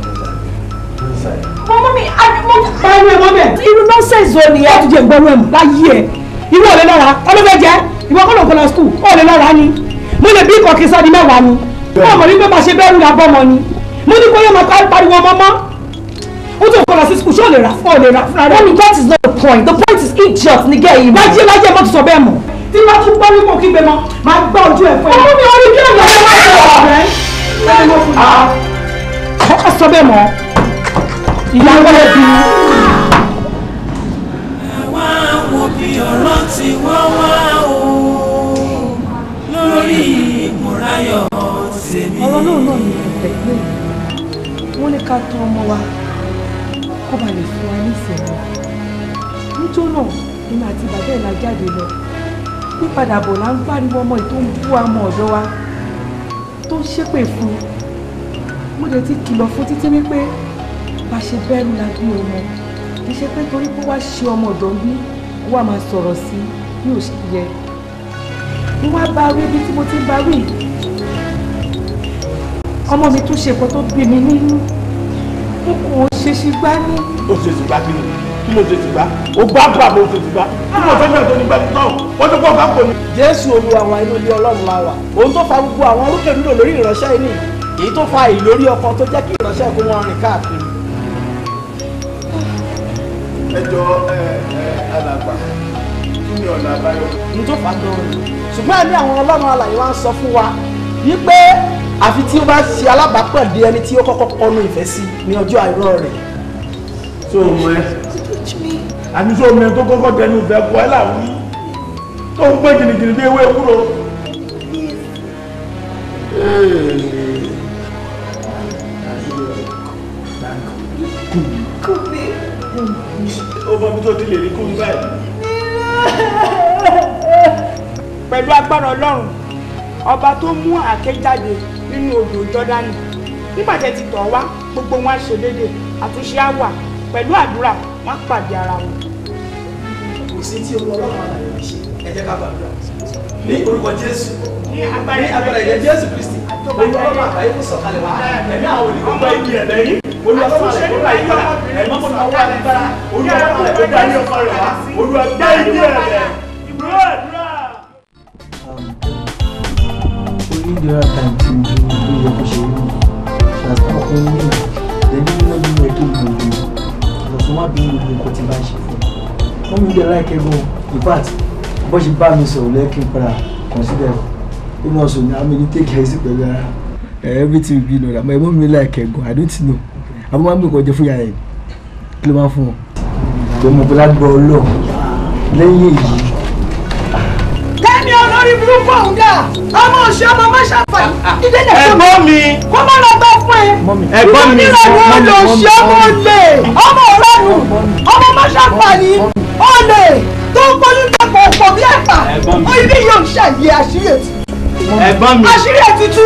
gbọ́n sáyé. mọ́mọ́ mi àdìmọ́ pariwo ẹ̀ mọ́mọ́ ẹ̀. irú nọ́ọ̀sẹ̀sì ò nìyẹn ti jẹ ìgbọ́nú ẹ̀ láyé ẹ̀ irú ọ̀lẹ́ lọ́ra ọlọ́fẹ́ jẹ́ ìwọ kọ́ ló ń kọ́ lọ skul ọ̀lẹ́ lọ́ra ni mo lè bí ìkọ̀kí sọ di mẹ́wàá ni wọ́n mọ̀ wípé máa ṣe bẹ́ẹ̀rù la bọ́ ọmọ ni mo ní kó yẹ máa pariwo ọmọ mọ́ ó tún kọ́ lọ sí skul ṣé ò lè rà fún ọ̀lẹ́ rà fúnra rẹ̀. mọ́mí that is not the point the point is idiot ni gẹ́ẹ̀ yìí. láyé láyé mo ti sọ bẹ́ẹ̀ mọ́ tí bá tún gbọ́ nípò kígbe mọ́ máa gbá ojú ẹ̀ fún ẹ. ọmọ mi orí kí ọ̀gá ẹ máa sọ ọ̀rẹ́ ẹni mo fún mi. ọkọ sọ bẹ́ẹ̀ mọ́ ìyàwó ẹ bí. àwa wo bí ọ̀rọ̀ ti wá wá o lórí tọ́ ọmọ wa kó ba lè fún wa ní ìṣẹ̀lẹ̀ nítorí náà èmi àti bàbá ẹ̀ la jáde lọ pípadà bọ̀ là ń pariwo ọmọ yìí tó ń bú ọmọ ọ̀dọ́ wa tó ń ṣépè fún mo dẹ̀ ti kìlọ̀ fún títí wípé bá ṣe bẹ́ẹ̀ ni láti mi ò mọ̀ kì í ṣe pé torí pé wá ṣe ọmọ ọ̀dọ́ bí wà máa sọ̀rọ̀ sí bí ò ṣe yẹ mo wá bá rí ibi tí mo ti bá rí ọmọ mi tún ṣe nǹkan tó bí mi nínú mo kò ṣe ṣe gbá ní. ó ṣe ṣe gbá nínú kí mo ṣe ti gbá o gbá gbà mo ṣe ti gbá kí mo ṣe náà tó ní gbàdúrà wọn tó kọ́ gbà kò ní. jésù olú àwọn inú ilé ọlọ́run la wà òun tó fa gbogbo àwọn rúkèrúdò lórí ìránṣẹ́ yìí èyí tó fa ìlórí ọkọ tó jẹ́ kí ìránṣẹ́ kó wọn rìn káàkiri. ẹ jọ ẹ ẹ alàgbà kí ni ọ̀nà àbáyọ. n tó fà á gan-an ṣùgbọ́n ẹ̀mí àwọn ọlọ́run alàyè wa ń sọ fún wa wípé àfi tí ó bá ṣe alábàápàdé ẹni tí ó kọ́kọ́ kọnu ìfẹ́ sí ní ọjọ́ àìrọ́ rẹ̀. tó o mọ ẹ àti sọ omi tó kọ́kọ́ tẹnu fẹ́ kọ́ ẹ́ làwí tó ń pé jìnnìjìnnì bí ewé ewúro. kùmí ó tó ti lè rí kùmí báyìí. pẹ̀lú agbára ọlọ́run ọba tó mú àáké jáde nínú odò jọ́dánì nígbà tẹ́ ti tọ̀ wá gbogbo wọn ṣe déédéé àtúnṣe á wà pẹ̀lú àdúrà wọn pàdé ara wọn sí tí ogun ọlọ́run àlàyé kì í ṣe ẹ jẹ́ ká gbàdúrà ní orúkọ jésù ní agbára ẹ̀jẹ̀ jésù kristi olú ọlọ́run àgbáyé kò sọ̀kalẹ̀ wá ẹ̀mí àwọn olùkọ́ ìbí ẹ̀mẹ́ yìí olú ọlọ́run àgbáyé kò yíra ẹ̀mí kò náwó agbára olú ọlọ́run àgbáyé kò dání ọkọ rẹ̀ wá olú àgbáyé ìbí ẹ̀mẹ́. There are times in which we have to show you. She has not only the new one you were doing with you, but someone being with you, what you wọ́n mi dẹ̀ láìké in fact bó ṣe bá mi sọ̀rọ̀ lẹ́kí n padà consider inú ọ̀sùn ni àmì ní take easy pẹ̀lú ara eh, everything will be in order ẹ̀gbọ́n mi láìké gan i don't know àbúrò máa ń gbèkọ̀ jẹ fún yàrá yìí kí ló máa fún wọn. ìgbẹ́mọ̀ bọ́lá gbọ́ ọlọ́ọ̀ lẹ́yìn dúdú fún òun dà ọmọ òṣì ọmọ má ṣàfàyè dídé lè fún mi. ẹ̀gbọ́n mi kó má lọ gbọ́ fún ẹ. ẹ̀gbọ́n mi ìdúró ni olóṣì ọmọ olè ọmọ ọ̀rẹ́nu ọmọ má ṣàfàyè olè tó ń gbóyún dàpọ̀ ọ̀pọ̀ bí ẹ̀fà ó ibi yóò ṣàyè àṣírí ètùtù. ẹ̀gbọ́n mi àṣírí ètùtù.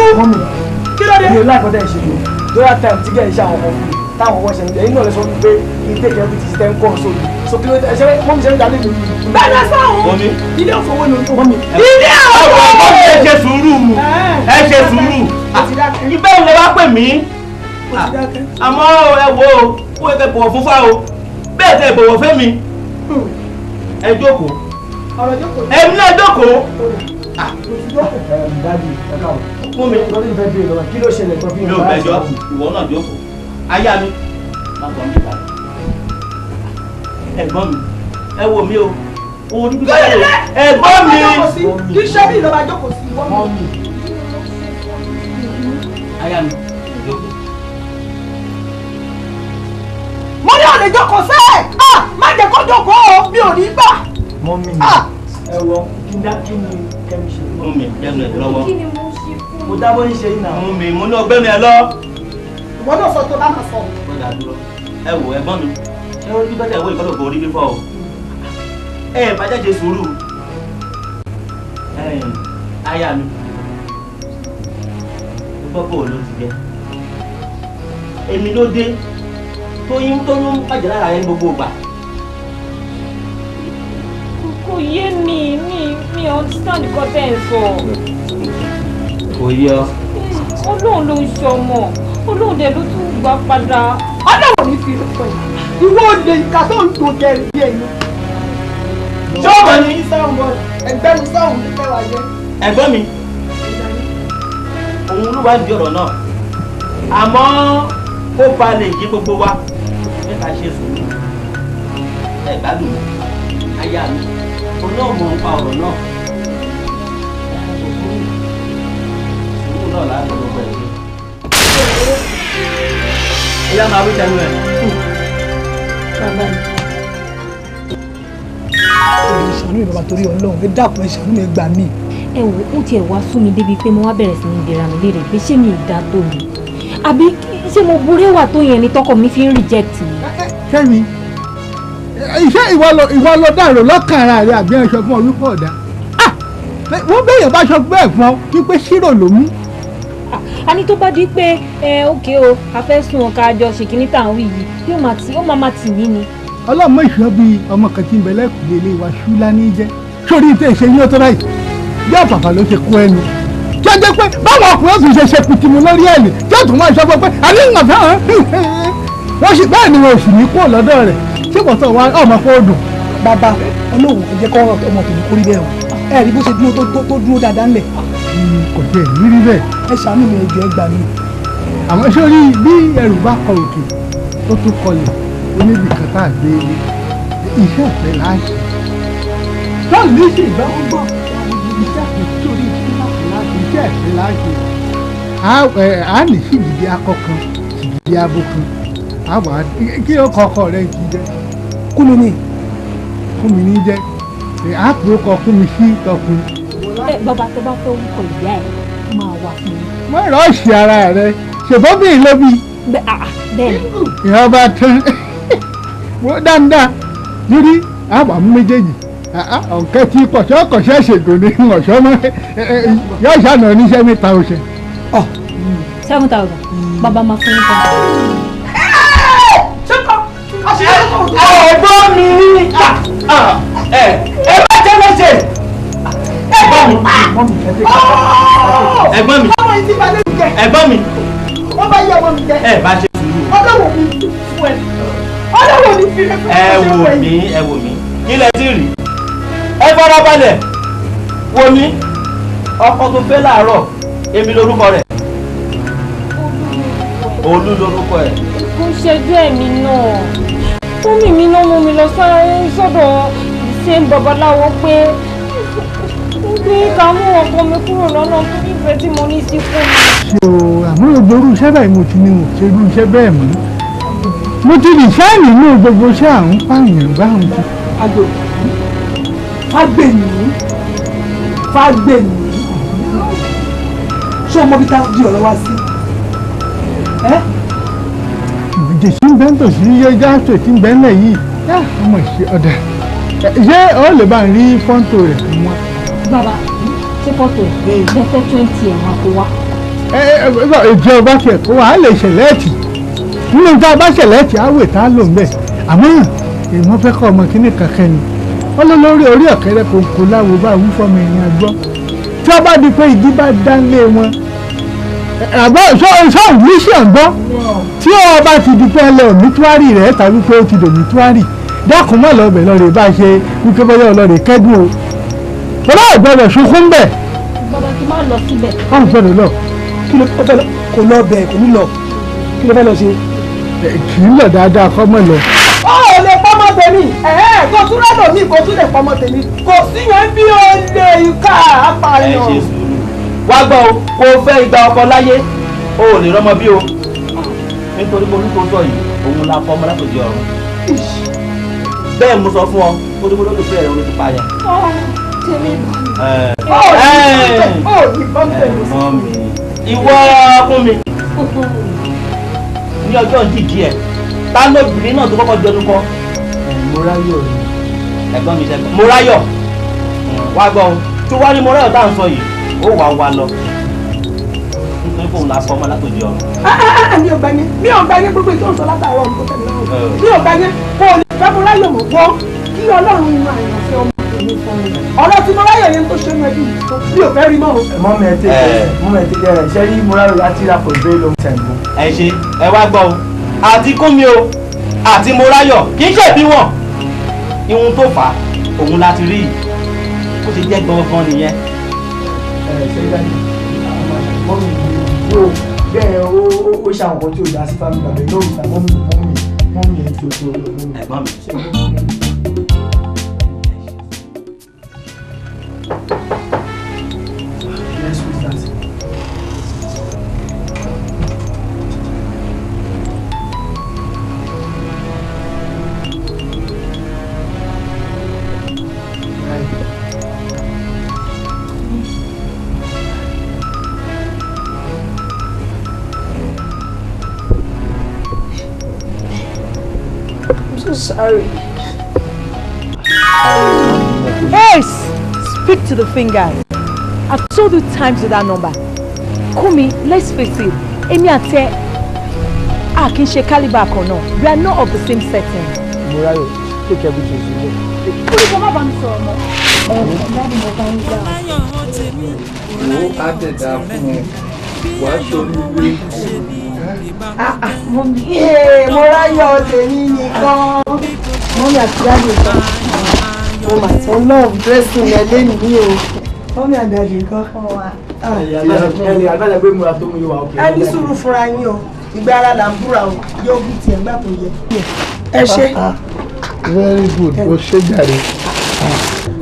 kí ló dé. mi ò lákọ̀ọ́dẹ̀ ìṣèlú dóyà táìmù tí kẹ́ àwọn ọmọ táwọn wọ́n ṣe ń jẹ inú ọ̀lẹ́sọ wípé ilé ìjẹun ti ti tẹ́ ń kọ́ so so kí ló ṣe mọ́mí ṣe ń dalẹ́ lórí. bẹ́ẹ̀ ni sáwọn ilé òfowó ló ń tó. ilé à ọ̀pọ̀ ẹ ṣe sùúrù ẹ ṣe sùúrù ah, ibẹ̀ ìlẹ̀ wá pè mí ah, àmọ́ ẹ wo kó ẹ bọ̀wọ̀ fún fáwo bẹ́ẹ̀ tẹ bọ̀wọ̀ fẹ́ mi hmm. ẹ jókòó ah. ẹ ní ẹ jókòó. fún mi kí ló ṣẹlẹ̀ tó fi ń ìwọ náà jókòó aya mi ẹ̀gbọ́n mi ẹ wo mi o òun dúdú báyìí ẹ̀gbọ́n mi. kí sẹ́mi ìjọba jókòó sí wọ́n mi. aya mi jókòó. mo ní ọ̀lẹ́ jókòó sẹ́ẹ̀ má jẹ́ kó jókòó o mi ò ní gbà. mọ mi ni ẹ wọ kí ni kẹ́mi ṣe. mú mi dẹ́nu ẹ̀ lọ́wọ́. kí ni mo ṣe fún mi. mo dábọ́ ń ṣe iná. mú mi mo ní ọgbẹ́ mi ẹ lọ. ìwọ náà sọ tó bá máa sọ. ẹ wò ẹ̀gbọ́n mi ṣé ó ní bẹ́tẹ̀ ìwé ìkọlù kò fífọ́ o ẹ ẹ bá jáde sùúrù aya mi gbọ́bọ̀ ló ti jẹ́ èmi ló dé tóyún tóyún bàjẹ́ lára yẹn gbogbo ìgbà. kò yé mi mi mi understand nǹkan tẹ́ ẹ̀ sọ. kò yé ọ. ọlọ́run ló ń ṣe ọmọ ọlọ́run dẹ̀ ló tún gbà padà. ọlọ́run ní fi rẹ̀ pẹ̀lú ìwọ òde ìka tó ń dùn kẹrin bí ẹ̀yin ṣọ́ọ̀bù ni ẹgbẹ́ mi sáwọn ní kẹwàá jẹ́. ẹgbẹ́ mi òun ló wá di ọ̀rọ̀ náà àmọ́ kó ba lè yí gbogbo wa níta ṣe sùúrù ẹ gbádùn aya mi òun náà mọ̀ nípa ọ̀rọ̀ náà sùúrù náà láti gbogbo ẹ̀ ìyá máa wí tẹnu ẹ̀. bàbá mi ẹ ṣàánú mi bàbá torí ọlọ́run ẹ dákun ẹ ṣàánú mi ẹ gbà mí. ẹ wò ó tiẹ̀ wá sún mi débi pé mo wá bẹ̀rẹ̀ sí ní ìdíra mi léèrè pé ṣé mi ì dá tó mi àbí ṣé mo burú wà tó yẹn ni tọkọ mi fi ń rìjẹ́tì mi. Kẹ́mi iṣẹ́ ìwọ lọ dàrú lọ́kàn ara rẹ àbí ẹ̀ṣọ́ fún ọdún pọ̀ dá ah, wọ́n bẹ̀yẹ̀ bá sọ bẹ́ẹ̀ fún wípé ṣírò ló mú. Ah, a tó bá di pé ẹ ókè o a fẹ́ sún ọkà àjọ ṣèkínní tà ń wí yìí yóò máa tì mí ni ọlọ́mọ ìṣọ́ bíi ọmọ kan tí ń bẹ lẹ́kùnlé ilé wa ṣúlá ní jẹ́ sórí tẹ̀ ṣe ní ọtọ́ báyìí yóò bàbá ló ṣe kú ẹnu jẹjẹ pé báwọn ọkùnrin ọ̀sùn ṣe ṣe pìtìmù lórí ẹ̀lì tí ó tún máa ṣọ́ pé àní ń gàn fẹ́ràn wọ́n ṣe bẹ́ẹ̀ ni wọn ò sì ní kú lọ́dọ̀ rẹ̀ ṣé kò sọ wa ọmọ kó dùn. bàbá olóhùn ẹ kọ́ ọmọ o ẹ rí bó ṣe dúró tó dúró dáadáa ńlẹ̀. Hmm, kò tẹ̀ rírí bẹ́ẹ̀. ẹ ṣàánú mi ẹjọ́ ẹ gbà mí. àmọ́ sórí bí ẹrù bá kọ òkè ó tún kọlẹ̀ oníbi kan tá a gbé iṣẹ́ ọ̀fẹ́ láàṣì lọ́nà ní sì gbọ́ ń gbọ́ iṣẹ́ ọ̀fẹ́ torí iṣẹ́ ọ̀fẹ́ láàṣì a ní ṣìgìdì akọ kan ṣìgìdì abo kan a wà á kí ló kọ ọkọ rẹ jí jẹ kú mi ní kú mi ní jẹ a pè é kọ kú mi sí tọkùn. bàbá tó bá fẹ́ orúkọ ìyá ẹ̀ máa wà fún mi. má rọ̀ọ̀ṣì ara rẹ ṣèbọ́bìnrin bí. Ah, ah, bẹ́ẹ̀ ni. ìyá bá tán wọ́n dáadáa nírí àbá mú méjèèjì ọ̀kẹ́ tí kọ̀ṣọ́ kọ̀ṣọ́ ṣègùn ní ọ̀ṣọ́ mọ́ yóò ṣàná ní seven thousand. ọ seven thousand bàbá máa fún yín kan. ẹ̀gbọ́n mi ẹ bá jẹ́ méje ẹ̀gbọ́n mi ẹ̀gbọ́n mi ẹ̀gbọ́n mi wọ́n bá yẹ ọmọ mi jẹ ẹ̀ bá ṣe sùúrù ọlọ́wọ́ mi fún ẹ ọlọ́run ní fi rẹ fún mi. ẹ wò mí ẹ wò mí kí lẹ ti rí ẹ fara balẹ̀ wò mí ọkọ tó fẹ́ láàárọ̀ èmi lórúkọ rẹ̀ olú lórúkọ ẹ̀. kò ṣẹjú ẹ̀mí náà fúnmi mi ló mú mi lọ sọ́dọ̀ ṣé ń babaláwo pé pé ká mú ọkọ mi kúrò lọ́nà tó nífẹ̀ẹ́ tí mo ní sí fún mi. ṣé o àmọ́ ìgboro iṣẹ́ báyìí mo ti ní mo ṣe irú iṣẹ́ bẹ́ẹ̀ mọ́ mo ti rí fáànì inú gbogbo ṣé à ń pààyàn báwọn. fàgbẹ̀mí fàgbẹ̀mí ṣé o mọ bí tá a di ọ̀rọ̀ wá sí? ìgbìjì tí ń bẹ́ ń tò sí yẹ gáàsì tí ń bẹ́ ń lẹ̀ yìí ọmọ ìṣe ọ̀dà ṣé o lè bá ń rí fọ́ńtò rẹ̀ fún wa. bàbá ṣé fọ́ńtò rẹ̀ ṣẹ́fẹ́ twenty ẹ̀ kó wá. ẹ ẹ ìjọba tiẹ̀ kó wa á lè ṣẹlẹ̀ ẹ̀tì nínú tá bá ṣẹlẹ̀ tí a wè lò ń bẹ̀ àmọ́ èèwọ̀n fẹ́ kọ́ ọmọ kínní kankan ni wọ́n lórí orí ọ̀kẹ́rẹ́ kòkó láwo bá wí fọ́mọ ẹ̀yìn agbọ́ tí wọ́n bá di pé ìdí bá dánlé wọn àbọ̀ sọ́ọ̀lù iṣẹ́ ọ̀gbọ́ tí wọ́n bá ti di pé ẹlẹ́ òmítúárì rẹ̀ tàbí pé ó ti dòmítúárì dákun mọ́ lọ́bẹ̀ lọ́rẹ̀ bá ṣe wípé bọ́yá ọlọ́rẹ̀ kẹ́dùn o bọ́lá ọ̀gbọ́dọ̀ sunkún bẹ̀. bàbá kí má lọ síbẹ̀. báwo gbọ́dọ̀ lọ kí ló kọ́ lọ bẹ̀ kò ní lọ kí ló fẹ́ lọ ṣe kì í lọ dáadáa fọmọ lọ. ó ò lè fọmọ tèmi kò tún lọ́dọ̀ mi kò tún lè fọmọ tèmi kò sí yẹn bí ó lè ká apààyàn. wá gbọ́ o kò fẹ́ ìgbà ọkọ láyé o ò lè rọ́mọ bí o nítorí pé orúkọ sọ yìí òun la fọmọ látòdì ọ̀run bẹ́ẹ̀ mo sọ fún ọ kó tó gbọ́dọ̀ fẹ́ ẹ̀rọ ti payà. ó ní bọ́m̀bẹ̀ mi. ìwọ ọkùnrin mi. ní ọjọ́ ìdíje ẹ̀ ta lóbìnrin náà tó kọ́kọ́ jọnu kan. Mọ́ráyọ̀ ni. ẹ̀gbọ́n mi sẹ́gbọ́n Mọ́ráyọ̀ wá gbọ́ o tó wá rí Mọ́ráyọ̀ tá à ń sọ yìí ó wà wá lọ nítorí fóun la sọ ọmọ látòjì ọ̀run. Ah, ah, ah, mi ò gbẹ́yẹ mi ò gbẹ́yẹ gbogbo ìtò ìsọ látàwọn ọmọ tẹ̀lé náà mi ò gbẹ́yẹ kó o lè fẹ́ Mọ́ráyọ̀ mọ̀ gbọ́ kí Ọlọ́run inú àyànfẹ́ ṣe fún mi. ọ̀rọ̀ tí mo ráyè yẹn tó ṣe mọ ẹbí mi ò fẹ́ rí mọ́ o. mọ mi ẹ tẹkẹ mọ mi ẹ tẹkẹ rẹ ṣe rí mura lọ láti ra for a very long time. ẹ ṣe ẹ wá gbọ́ o àti kúnmi o àti morayọ kì í ṣèbí wọn ihun tó fà á òun láti rí yìí ó ti jẹ́ gbọ́ngàn nìyẹn. ẹ ṣe dájú mọ́ mi yóò bẹ́ẹ̀ ó ó ṣàwọn kan tí ò dá sí fámìlì bàbá ẹ̀ lóòótọ́ mọ́ mi mọ́ mi mọ́ mi ẹ̀ tó tó lọ. ẹ̀gbọ́n mi ṣe. sorry. Ace! Speak to the finger. I've told you times with that number. Kumi, let's face it. Emi, àti ẹ, a kì í ṣe caliber or náà. We are not of the same setting. Murayo, take everything you know. Kúrò kọ́ má bá mi sọ̀rọ̀ mọ́. Ẹ̀ẹ́dẹ́gbẹ̀rún mo bá for me. Ìwọ á tẹ̀dá fún Ah, ah, eh, mo ráyọ̀ tèmi nìkan mo ní àtijáde kan mo mà tó love dressing ẹ lẹ́nìí o wọ́n mi àdàdì kan fún wa. ẹni àgbàdo pé múra tó mú yóò wá òkè. sùúrù fúnra yín o ìgbà ara là ń búra o yóò bí tiẹ̀ gbà tó yẹ. ẹ ṣe. Ah, very good o ṣe jàre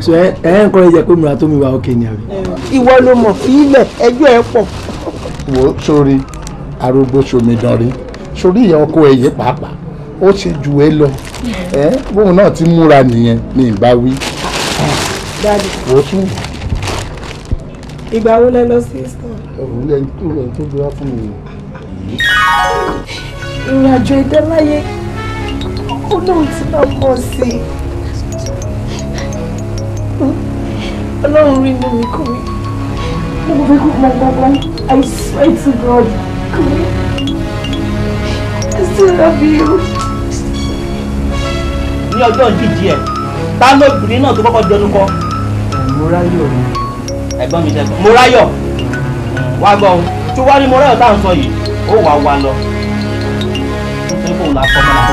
so ẹ ẹ ń kọrin pé múra tó mi wá òkè ni àbí. ìwọ ló mọ̀ fílẹ̀ ẹjọ́ ẹ pọ̀. wò ó sórí arógbó ṣomidan rí sórí ìyá ọkọ ẹyẹ pàápàá ó ṣe jù ẹ lọ hmm. ẹ bóun náà ti múra nìyẹn ni ìbá wí. dáàdì wò ó tún. ìgbà wo lẹ lọ sí ìsàn. òun lẹni tó lẹni tó gbé wá fún mi. ìrìn àjò ìdẹ́láyé ó lóun ti náà pọ̀ sí i ọlọ́run rí inú mi kú mi mo fi kú gbọ̀ngbọ̀ngbọ̀n I swear to God. I still love you. Ní ọjọ́ jíjí ẹ̀, ta ló obìnrin náà tó kọ́kọ́ jọnu kọ? Moráyọ̀. Ẹ̀gbọ́n mi sẹ́kọ̀ọ́. Moráyọ̀. Wá gbọ́ o, tí wàá ní Moráyọ̀ tá à ń sọ yìí, ó wàá wa lọ. Nítorí kò ń la fọ́ mọ́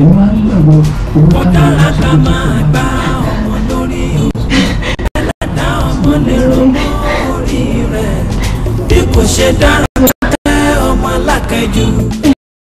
èmi máa ń gbàgbọ́ owó táwọn ọmọ ṣe lójú kan kò ṣe dára.